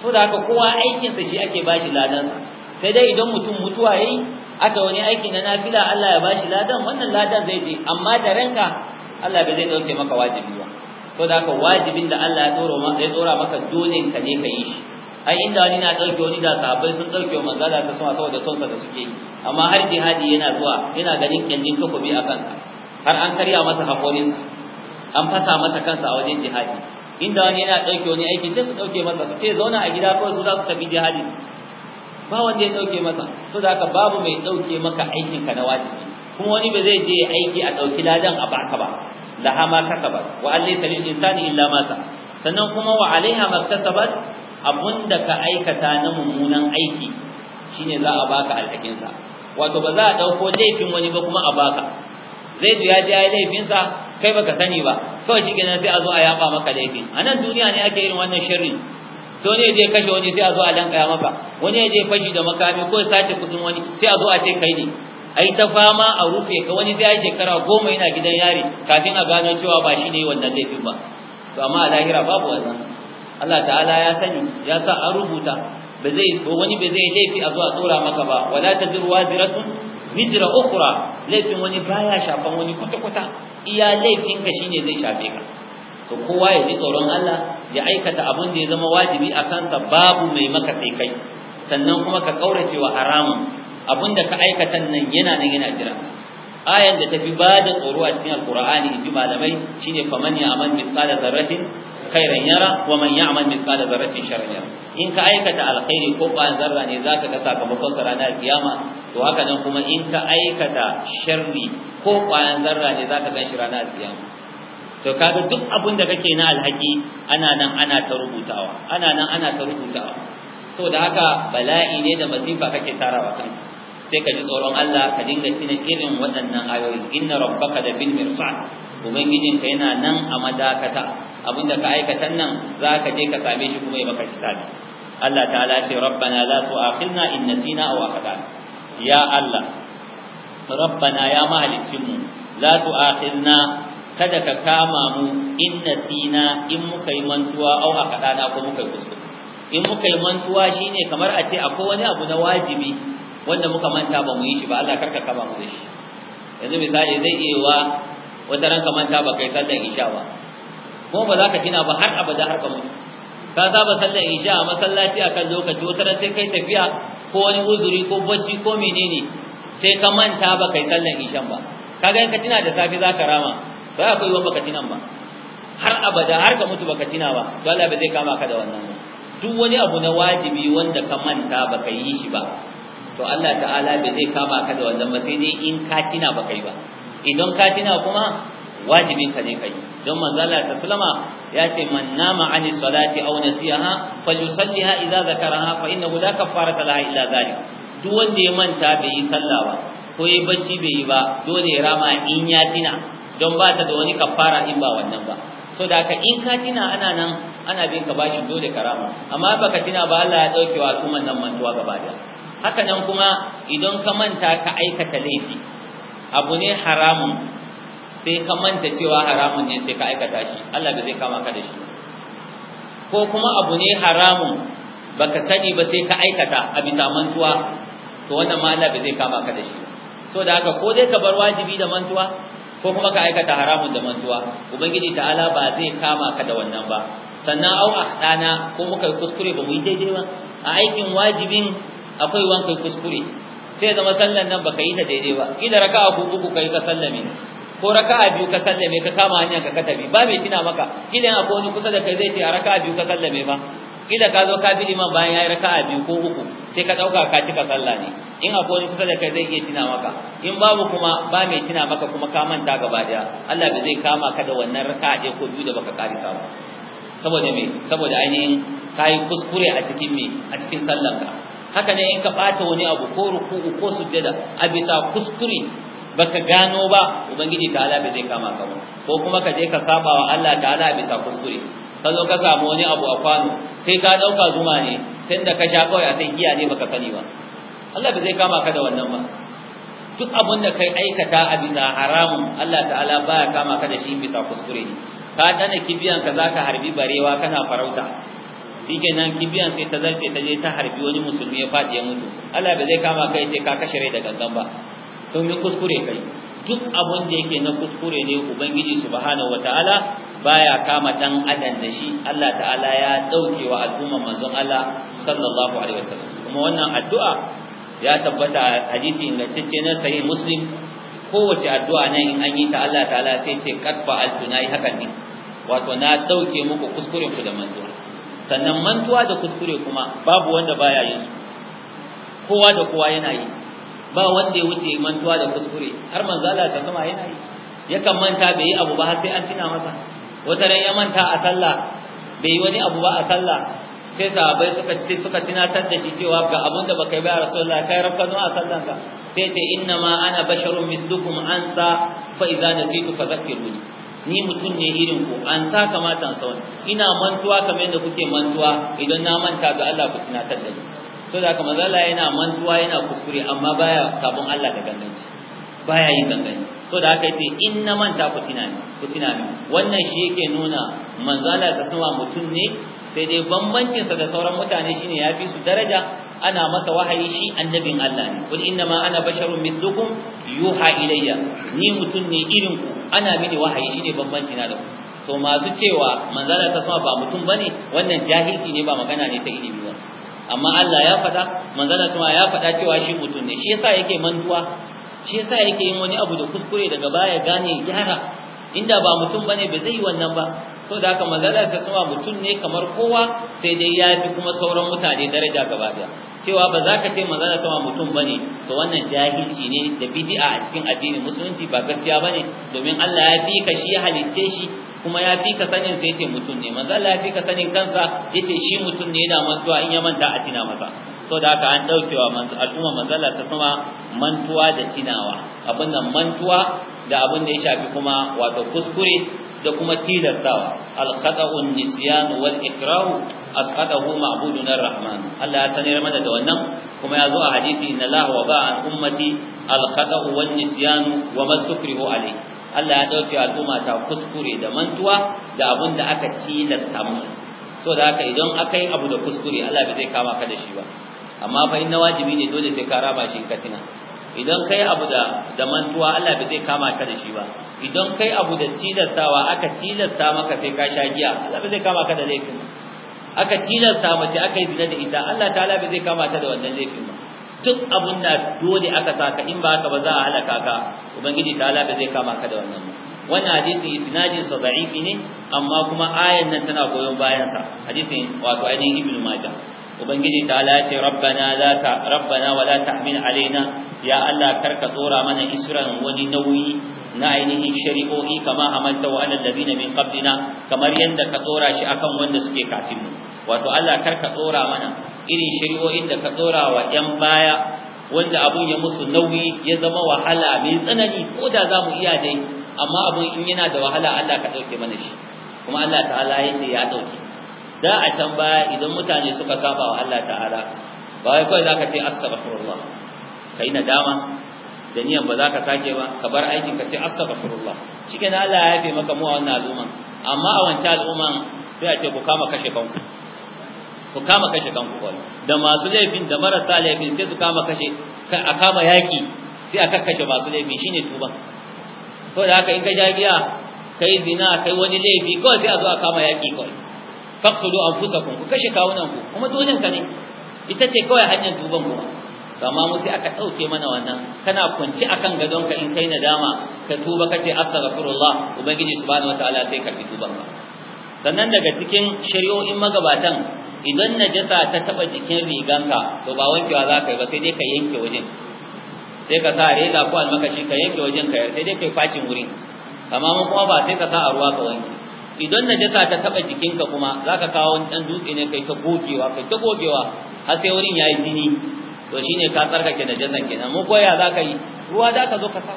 to da haka kowa aikin sa shi ake bashi ladan sai dai idan mutum mutuwa yayi aka wani aiki na nafila Allah ya bashi ladan wannan ladan zai je amma da ranka Allah bai zai dauke maka wajibi ba to da ka wajibin da Allah ya tsoro ma ya tsora maka dole ka ne ka yi shi ai inda wani na dauke wani da sahabbai sun dauke wa manzo ta sama saboda tonsa da suke amma har jihadi yana zuwa yana ganin kyallin takobi a kanka har an karya masa hakorin an fasa masa kansa a wajen jihadi inda wani yana dauke wani aiki sai su dauke masa su ce zauna a gida kawai su za su tafi jihadi ba wanda ya dauke masa so da haka babu mai dauke maka aikin ka na wajibi kuma wani ba zai je aiki a dauki ladan a baka ba Lahama ma kasabat wa an laysa insani illa ma sannan kuma wa alaiha maktasabat abunda ka aikata na mummunan aiki shine za a baka alhakin sa wato ba za a dauko laifin wani ba kuma a baka zaidu ya ji ya laifin sa kai baka sani ba kawai shi kenan sai a zo a yaba maka laifin a nan duniya ne ake yin wannan sharri sai wani ya je kashe wani sai a zo a lankaya maka wani ya je fashi da makami ko sace kudin wani sai a zo a ce kai ne ai ta fama a rufe ka wani zai shekara goma yana gidan yari kafin a gano cewa ba shi ne wannan laifin ba to amma a lahira babu wannan Allah ta'ala ya sani ya sa an rubuta ba zai wani ba zai laifi a zuwa tsora maka ba wala tajru waziratun wizra ukhra laifin wani baya shafan wani kwata kwata iya laifin ka shine zai shafe ka to kowa ya ji tsoron Allah ya aikata abin da ya zama wajibi a kansa babu mai maka sai kai sannan kuma ka kaurace wa haramun abinda ka aikata nan yana nan yana jira ayan da tafi ba da tsoro a cikin alqur'ani inji malamai shine faman ya'mal mithqala dharratin khairan yara wa man ya'mal mithqala dharratin sharran yara in ka aikata alkhairi ko ba zarra ne zaka ga sakamakon sa ranar kiyama to haka nan kuma in ka aikata sharri ko ƙwayan zarra ne zaka gan shi ranar kiyama to kaga duk abin da kake na alhaki ana nan ana ta rubutawa ana nan ana ta rubutawa saboda haka bala'i ne da masifa kake tarawa kanka sai ka ji tsoron Allah ka dinga tuna irin waɗannan ayoyi inna rabbaka da bil mirsad ka yana nan a madakata abinda ka aikata nan zaka je ka same shi kuma ya maka hisabi Allah ta'ala ce rabbana la tu'akhilna in nasina aw akhtana ya Allah rabbana ya mahalicin mu la tu'akhilna kada ka kama mu in nasina in muka yi mantuwa aw akhtana ko muka yi kuskure in muka yi mantuwa shine kamar a ce akwai wani abu na wajibi wanda muka manta ba mu yi shi ba Allah karka kaba mu da shi yanzu misali zai iya wa wata ranka manta ba kai sallan isha ba kuma ba za ka tina ba har abada har ka mutu ka saba sallan isha a masallaci a kan lokaci wata ran sai kai tafiya ko wani uzuri ko bacci ko menene sai ka manta ba kai sallan Isha ba kaga in ka tina da safe za ka rama ba akwai wani baka tinan ba har abada har ka mutu baka tina ba to Allah ba zai kama ka da wannan duk wani abu na wajibi wanda ka manta baka yi shi ba to Allah ta'ala bai zai kama ka da wannan sai dai in ka tina ba kai ba idan ka tina kuma wajibin ka ne kai don manzo Allah sallama ya ce man nama ani salati aw nasiha falyusalliha idza zakaraha fa innahu la kafarata laha illa zalik duk wanda ya manta bai yi sallah ba ko yi bacci bai yi ba dole ya rama in ya tina don ba ta da wani kafara in ba wannan ba so da ka in ka tina ana nan ana bin ka bashi dole karama amma baka tina ba Allah ya dauke wa al'umman nan mantuwa gaba daya haka nan kuma idan ka manta ka aikata laifi abu ne haramun sai ka manta cewa haramun ne sai ka aikata shi Allah ba zai kama ka da shi ko kuma abu ne haramun baka sani ba sai ka aikata a bisa mantuwa to wannan ma Allah ba zai kama ka da shi so da haka ko dai ka bar wajibi da mantuwa ko kuma ka aikata haramun da mantuwa ubangiji ta'ala ba zai kama ka da wannan ba sannan au ahdana ko muka kuskure ba mu yi daidai ba a aikin wajibin akwai wanka kuskure sai zama sallan nan baka yi ta daidai ba idan raka'a ku uku kai ka sallame ko raka'a biyu ka sallame ka kama hanyar ka katabi ba mai tina maka idan akwai wani kusa da kai zai ce a raka'a biyu ka sallame ba idan ka zo ka bi liman bayan yayi raka'a biyu ko uku sai ka dauka ka cika sallah ne in akwai wani kusa da kai zai iya tina maka in babu kuma ba mai tina maka kuma ka manta gaba daya Allah bai zai kama ka da wannan raka'a ɗaya ko biyu da baka karisa ba saboda me saboda ainihin kai kuskure a cikin me a cikin sallanka haka ne in ka bata wani abu ko ruku'u ko sujjada a bisa kuskure baka gano ba ubangiji ta'ala bai zai kama ka ba ko kuma ka je ka saba wa Allah ta ala bisa kuskure ka zo ka samu wani abu a kwano sai ka dauka zuma ne sai da ka sha kawai a sai giya ne baka sani ba Allah bai zai kama ka da wannan ba duk abin da kai aikata a bisa haramun Allah ta'ala baya kama ka da shi bisa kuskure ne ka dana kibiyan ka zaka harbi barewa kana farauta ki kibiyan sai ta zarce ta je ta harbi wani musulmi ya faɗi ya mutu Allah bai zai kama kai sai ka kashe rai da gangan ba mun kuskure kai duk abin da yake na kuskure ne ubangiji subhanahu wataala baya kama dan adam da shi Allah ta'ala ya dauke wa al'umma manzon Allah sallallahu alaihi wasallam kuma wannan addu'a ya tabbata hadisi ingantacce na sahih muslim kowace addu'a nan in an yi ta Allah ta'ala sai ce qad al nayi hakan ne wato na dauke muku kuskuren ku da manzon sannan mantuwa da kuskure kuma babu wanda baya yin su kowa da kowa yana yi ba wanda ya wuce mantuwa da kuskure har manzo Allah ta sama yana yi yakan manta bai yi abu ba har sai an tuna masa wata ran ya manta a sallah bai yi wani abu ba a sallah sai sahabbai suka ce suka tunatar da shi cewa ga abun da baka yi ba rasulullah kai rakkanu a sallan ka sai ce inna ma ana basharun mithlukum anta fa idza nasitu fadhakkiruni ni mutum ne irin ku an sa kamata an sauna ina mantuwa kamar yadda kuke mantuwa idan na manta ga Allah ku tunatar ta dani so da haka manzo yana mantuwa yana kuskure amma baya sabon Allah da ganganci baya yin ganganci so da haka yace in na manta ku tunani ku tunani wannan shi yake nuna manzala sa sa mutum ne sai dai bambancinsa da sauran mutane shine ya fi su daraja ana masa wahayi shi annabin Allah ne kul inna ma ana basharun mithlukum yuha ilayya ni mutun ne irin ku ana mini wahayi shine bambanci na da ku to masu cewa manzala ta sama ba mutum bane wannan jahilci ne ba magana ne ta ilimi ba amma Allah ya faɗa manzala sama ya faɗa cewa shi mutum ne shi yasa yake mantuwa shi yasa yake yin wani abu da kuskure daga baya gane gyara inda ba mutum bane ba zai yi wannan ba so da haka manzala sai mutum ne kamar kowa sai dai ya fi kuma sauran mutane daraja gaba daya cewa ba za ka ce manzala sama mutum bane to wannan jahilci ne da bid'a a cikin addinin musulunci ba gaskiya bane domin Allah ya fi ka shi halicce shi kuma ya fi ka sanin sai ce mutum ne manzala ya fi ka sanin kansa yace shi mutum ne yana mantuwa in ya manta a tina masa so da haka an daukewa al'umma manzala sa sama mantuwa da tinawa abin nan mantuwa da abin da ya shafi kuma wato kuskure da kuma tilastawa al-qata'u nisyan wal ikrahu asqatahu ma'budun ar-rahman Allah ya sanar mana da wannan kuma ya zo a hadisi inna Allah wa ba'a ummati al-qata'u wan nisyan wa mastukrihu alayhi Allah ya dauke al'umma ta kuskure da mantuwa da abin da aka tilasta musu so da haka idan aka yi abu da kuskure Allah bai zai kama ka da shi ba amma fa inna wajibi ne dole sai ka raba shi ka idan kai abu da da mantuwa Allah bai zai kama ka da shi ba idan kai abu da tilastawa aka tilasta maka sai ka sha giya Allah bai zai kama ka da laifin aka tilasta mace aka yi zina da ita Allah ta'ala bai zai kama ta da wannan laifin ba duk abun da dole aka saka in ba haka ba za a halaka ka ubangiji ta'ala bai zai kama ka da wannan wannan hadisi isnadin sa da'ifi ne amma kuma ayan nan tana goyon bayan sa hadisin wato ainihin ibnu majah ubangiji ta lace rabbana la ta rabbana wa la tahmil alaina ya Allah karka tsora mana isran wani nauyi na ainihin shari'o'i kama hamalta wa alal ladina min qablina kamar yanda ka tsora shi akan wanda suke kafin mu wato Allah karka tsora mana irin shari'o'in da ka tsora wa yan baya wanda abun ya musu nauyi ya zama wahala mai tsanani ko da za mu iya dai amma abun in yana da wahala Allah ka ɗauke mana shi kuma Allah ta'ala ya ce ya ɗauki. da a can baya idan mutane suka saba wa Allah ta'ala ba wai kai zaka ce astaghfirullah kai nadama da niyan ba za ka sake ba ka bar aikin ka ce astaghfirullah shike na Allah ya yafe maka mu a wannan al'umman amma a wancan al'umman sai a ce ku kama kashe kanku ku kama kashe kanku kawai da masu laifin da marasa laifin sai su kama kashe a kama yaki sai a kakkashe masu laifin shine tuba saboda haka in ka ja kai zina kai wani laifi kawai sai a zo a kama yaki kawai faqulu anfusakum ku kashe kawunan ku kuma dunin ka ne ita ce kawai hanyar tuban ku to amma mu sai aka dauke mana wannan kana kunci akan gadon ka in kai nadama ka tuba kace astaghfirullah ubangiji subhanahu wataala sai bi tuban ka sannan daga cikin shari'o'in magabatan idan najasa ta taba jikin riganka to ba wankewa za ka yi ba sai dai ka yanke wajen sai ka sa reza ko almakashi ka yanke wajen ka sai dai kai facin wurin amma mun kuma ba sai ka sa a ruwa ka wanke idan najasa ta taba jikinka kuma zaka kawo dan dutse ne kai ta gogewa kai ta gogewa har sai wurin yayi jini to shine ka tsarkake najasan kenan mu koya zaka yi ruwa zaka zo ka sa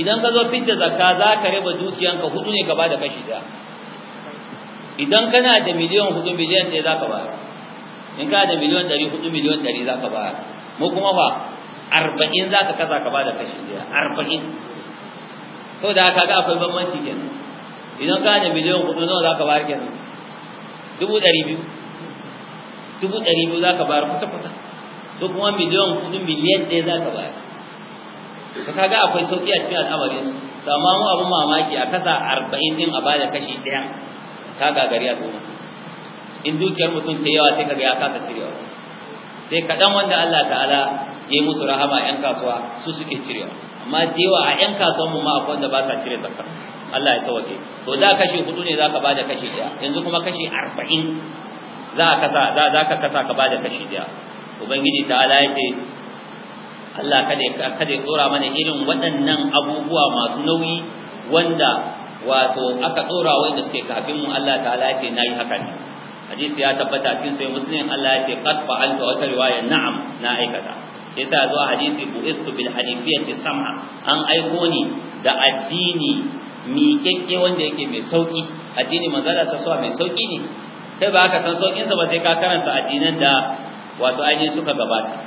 idan ka zo fitta zakka zaka raba dukiyanka hudu ne gaba da kashi daya idan kana da miliyan hudu miliyan ɗaya zaka ba in ka da miliyan ɗari hudu miliyan ɗari zaka ba mu kuma ba arba'in zaka kaza ka ba da kashi daya arba'in saboda haka ga akwai bambanci kenan idan ka da miliyan kudu nawa za ka bayar kenan dubu ɗari biyu dubu ɗari biyu za ka bayar kwata-kwata so kuma miliyan kudu miliyan ɗaya za ka bayar ka kaga akwai sauki a cikin al'amarin su to amma mu abin mamaki a kasa arba'in din a bada kashi ɗaya ta gagari a goma in dukiyar mutum ta yawa sai kaga ya kasa cirewa sai kaɗan wanda Allah ta'ala ya yi musu rahama a 'yan kasuwa su suke cirewa amma da yawa a 'yan kasuwan mu ma akwai wanda ba sa cire zakar Allah ya sauke to za kashi hudu ne zaka bada kashi daya yanzu kuma kashi 40 za ka kasa za ka kasa ka bada kashi daya ubangiji ta'ala yake Allah kada kada ya tsora mana irin waɗannan abubuwa masu nauyi wanda wato aka tsora wanda suke kafin mu Allah ta'ala yake nayi haka ne hadisi ya tabbata cin sai muslim Allah yake qad fa'altu wa riwaya na'am na aikata yasa zuwa hadisi bu'istu bil hanifiyati sam'a an aiko ni da addini miƙeƙe wanda yake mai sauƙi, addini manzala sa suwa mai sauƙi ne kai ba haka san sauƙin sa ba sai ka karanta addinan da wato ainihin suka gabata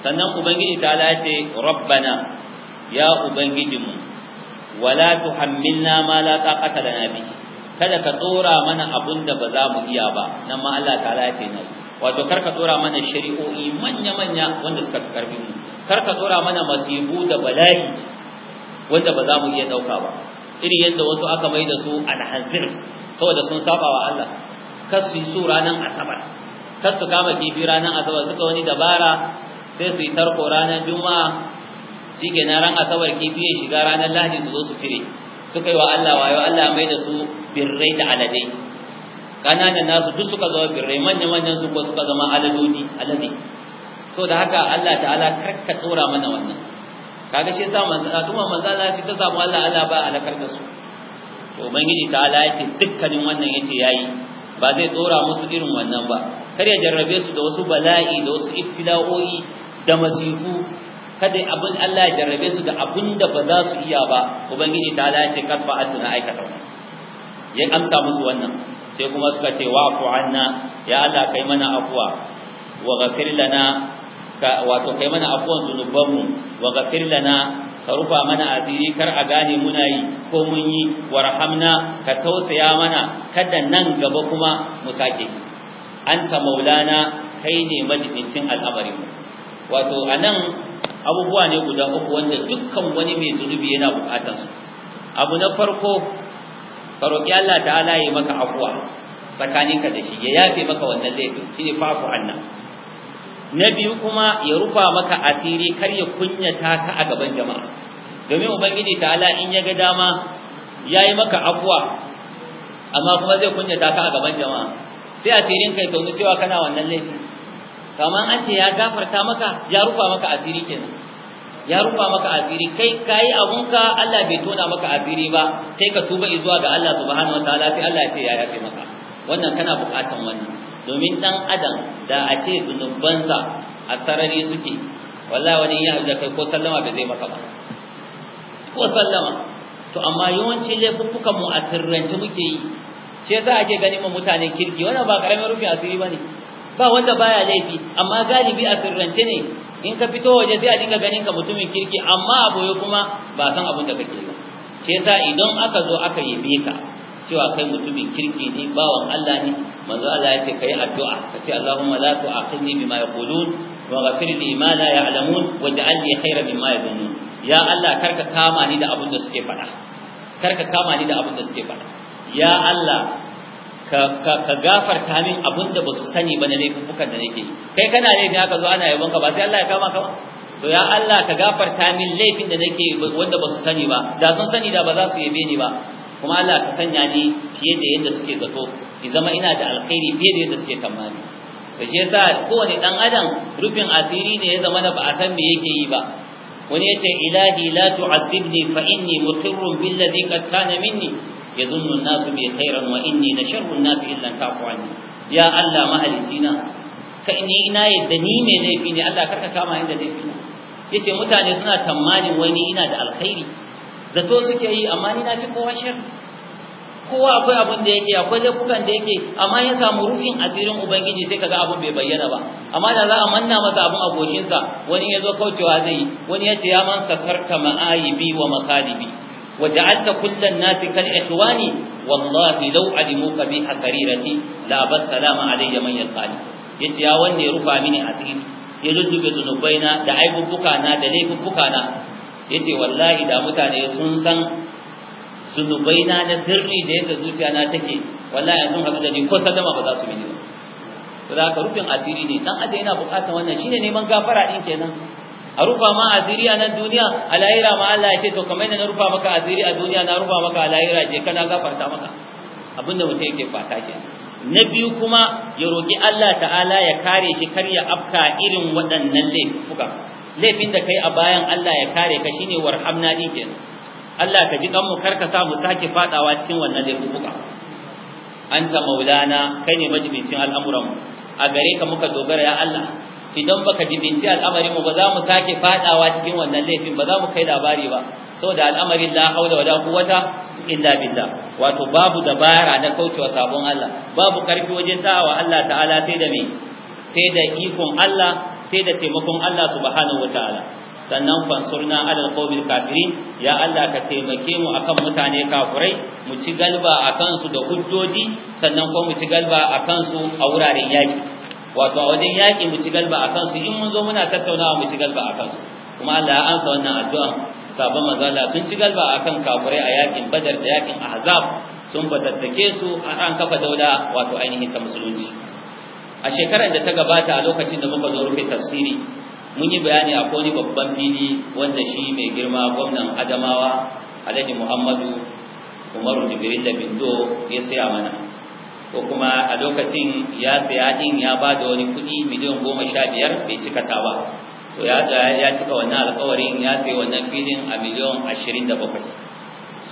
sannan ubangiji ta ce rabbana ya ubangijinmu wala tuhammilna ma la taqata lana bihi kada ka tsora mana abun da ba za mu iya ba nan ma Allah ta ce na wato kar ka tsora mana shari'o'i manya manya wanda suka karfi mu kar ka tsora mana masibu da bala'i wanda ba za mu iya ɗauka ba iri yadda wasu aka mai da su alhazir saboda sun saba wa Allah kar su yi su ranar asabar kar su kama kifi ranar asabar suka wani dabara sai su yi tarko ranar juma'a shi ke na ran asabar kifi ya shiga ranar lahadi su zo su cire suka yi wa Allah wayo Allah mai da su birrai da aladai kananan nasu duk suka zama birrai manyan manyan su ko suka zama aladodi alade so da haka Allah ta'ala karka tsora mana wannan kaga shi yasa manzo al'umma manzo Allah ta samu Allah Allah ba alakar da su to ubangiji ta Allah yake dukkanin wannan yace yayi ba zai tsora musu irin wannan ba kar ya jarrabe su da wasu bala'i da wasu ibtila'o'i da masifu kada abin Allah ya jarrabe su da abin da ba za su iya ba ubangiji ta Allah yace kasfa aduna aikata ya amsa musu wannan sai kuma suka ce wa'fu anna ya Allah kai mana afwa wa ghafir lana wato kai mana afuwan zunubanmu wa gafir lana ka rufa mana asiri kar a gane muna yi ko mun yi warhamna ka tausaya mana kada nan gaba kuma mu sake anta maulana kai ne majibincin al'amarin mu wato anan abubuwa ne guda uku wanda dukkan wani mai zunubi yana bukatar su abu na farko ka roki Allah ta'ala ya maka afuwa tsakaninka da shi ya yafe maka wannan laifin shine fafu annan na biyu kuma ya rufa maka asiri kar ya kunyata ka a gaban jama'a domin ubangiji ta'ala in ya ga dama ya yi maka afwa amma kuma zai kunyata ka a gaban jama'a sai asirin kai tauni cewa kana wannan laifi kamar an ce ya gafarta maka ya rufa maka asiri kenan ya rufa maka asiri kai kayi abunka Allah bai tona maka asiri ba sai ka tuba zuwa ga Allah subhanahu wataala sai Allah ya ce ya yafe maka wannan kana bukatan wannan domin dan adam da a ce zunubansa a sarari suke wallahi wani ya da kai ko sallama bai zai maka ba ko sallama to amma yawanci laifuffukan mu a sirrance muke yi shi yasa ake ganin mu mutanen kirki wannan ba karamin rufin asiri bane ba wanda baya laifi amma galibi a sirrance ne in ka fito waje sai a dinga ganin ka mutumin kirki amma a boye kuma ba san abin da kake ba shi yasa idan aka zo aka yi ka cewa kai mutumin kirki ne bawan Allah ne manzo Allah ya ce kai addu'a ka ce Allahumma la tu'akhidni bima yaqulun wa ghafir li ma la ya'lamun waj'al li khayran mimma yadhunnun ya Allah karka kama ni da abin da suke faɗa karka kama ni da abin da suke faɗa ya Allah ka gafarta min abin da ba su sani ba na laifukan da nake yi kai kana laifi haka zo ana yabonka ba sai Allah ya kama ka ba to ya Allah ka gafarta min laifin da nake wanda ba su sani ba da sun sani da ba za su yabe ni ba kuma Allah ka sanya ni fiye da yadda suke zato in zama ina da alkhairi fiye da yadda suke tsammani to shi yasa kowane dan adam rufin asiri ne ya zama da ba a san me yake yi ba wani ya yace ilahi la tu'azzibni fa inni muqirrun bil ladhi qad kana minni yazunnu an nasu bi khairan wa inni la sharru an-nas illa ta'fu anni ya Allah mahalicina ka ni ina yadda ni me laifi ne Allah karka kama inda laifi ne yace mutane suna tamanin wani ina da alkhairi zato suke yi amma ni na fi kowa sharri kowa akwai abin da yake akwai laifukan da yake amma ya samu rufin asirin ubangiji sai kaga abin bai bayyana ba amma da za a manna masa abin abokinsa wani ya zo kaucewa zai yi wani ya ce ya man sakarta ma'ayibi wa makalibi wa ja'alta kullan nasi kal ihwani wallahi law alimuka bi asrirati la basalama alayya man yalqani yace ya wanne rufa mini asiri ya lullube zunubaina da aibubbuka na da laifuka na yace wallahi da mutane sun san zunubai na birri da yadda zuciya na take wallahi sun haɗu da ni ko sadama ba za su mini ba to da ka rufin asiri ne dan adam yana buƙatar wannan shine neman gafara din kenan a rufa ma asiri a nan duniya a lahira ma Allah ya ce to kamar na rufa maka asiri a duniya na rufa maka a lahira je kana gafarta maka abinda mutum yake fata ke. na biyu kuma ya roki Allah ta'ala ya kare shi kar ya afka irin waɗannan laifuka laifin da kai a bayan Allah ya kare ka shine warhamna din kenan Allah ka ji kanmu kar ka sa mu sake fadawa cikin wannan laifuka anta maulana kai ne majibincin al'amuran a gare ka muka dogara ya Allah idan baka jibinci al'amarin mu ba za mu sake fadawa cikin wannan laifin ba za mu kai labari ba saboda al'amarin la haula wala quwwata illa billah wato babu dabara na kaucewa sabon Allah babu karfi wajen da'awa Allah ta'ala sai da me sai da ikon Allah sai da taimakon Allah subhanahu wataala sannan fansurna alal qawmil kafirin ya Allah ka taimake mu akan mutane kafirai mu ci galba akan su da hujjoji sannan kuma mu ci galba akan su a wuraren yaki wato a wajen yaki mu ci galba akan su in mun zo muna tattaunawa mu ci galba akan su kuma Allah ya amsa wannan addu'an sabon manzala sun ci galba akan kafirai a yakin badar da yakin ahzab sun batattake su an kafa daula wato ainihin ta musulunci a shekarar da ta gabata a lokacin da muka zo rufe tafsiri mun yi bayani a wani babban fili wanda shi mai girma gwamnan adamawa alhaji muhammadu umaru jibril da bindo ya siya mana ko kuma a lokacin ya saya din ya ba da wani kuɗi miliyan goma sha biyar bai cika ta ba to ya cika wannan alkawarin ya sayi wannan filin a miliyan ashirin da bakwai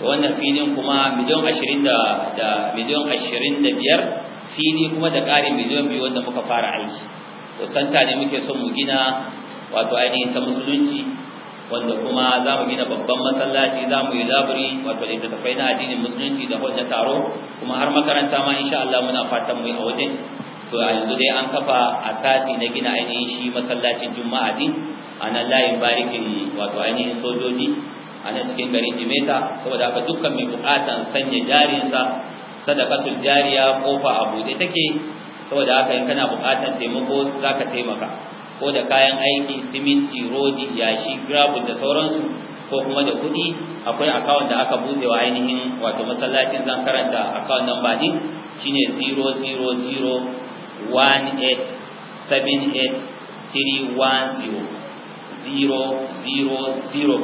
wannan filin kuma miliyan ashirin da miliyan ashirin da biyar fili kuma da ƙarin miliyan biyu wanda muka fara aiki to ne muke son mu gina wato ainihin ta musulunci wanda kuma za mu gina babban masallaci za mu yi laburi wato da tafai na addinin musulunci da wanda taro kuma har makaranta ma insha Allah muna fatan mu yi a wajen to a yanzu dai an kafa a sati na gina ainihin shi masallacin juma'a din a nan layin barikin wato ainihin sojoji Ana cikin garin Jimeta saboda haka dukkan mai bukatan sanya jarinsa sadaqatul jariya kofa a bude take saboda haka in kana bukatan taimako zaka taimaka ko da kayan aiki siminti rodi yashi grabu da sauransu ko kuma da kuɗi akwai akawun da aka buɗe wa ainihin wato masallacin zan karanta akawun nan ba din shine 0001878310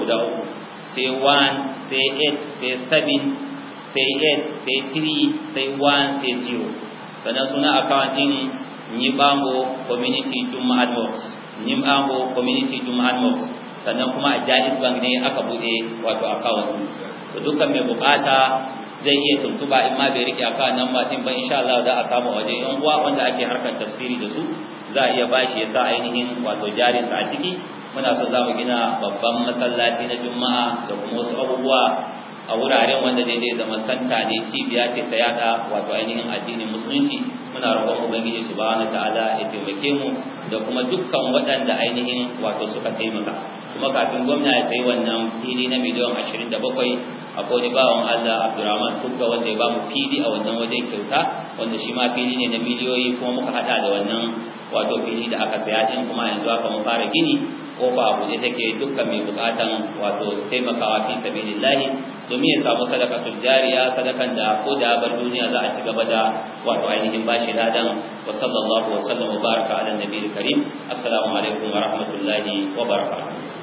guda uku say one, say eight, say seven, say eight, say three, say one, say zero. So na suna accounting ni bango community to madmos. Ni bango community to madmos. Sannan kuma a jaris bank ne aka buɗe wato account. So dukkan me bukata zai iya tuntuba in ma bai rike aka nan ba ba insha Allah za a samu waje yan uwa wanda ake harkar tafsiri da su za a iya bashi ya sa ainihin wato jarin sa a ciki muna so za mu gina babban masallaci na juma'a da kuma wasu abubuwa a wuraren wanda daidai zama santa ne cibiya ce ta yada wato ainihin addinin musulunci muna roƙon ubangiji subhanahu ta'ala ya taimake mu da kuma dukkan waɗanda ainihin wato suka taimaka kuma kafin gwamna ya kai wannan fili na miliyan 27 akwai wani bawan Allah Abdulrahman Tukka wanda ya mu fili a wannan wajen kyauta wanda shi ma fili ne na miliyoyi kuma muka haɗa da wannan wato fili da aka saya din kuma yanzu aka mu fara gini kofa abu da take dukkan mai bukatan wato taimakawa fi sabilillahi domin ya samu sadakatul jariya sadakan da ko da bar duniya za a ci gaba da wato ainihin bashi ladan wa sallallahu wa sallam wa baraka ala nabiyil karim assalamu alaikum wa rahmatullahi wa barakatuh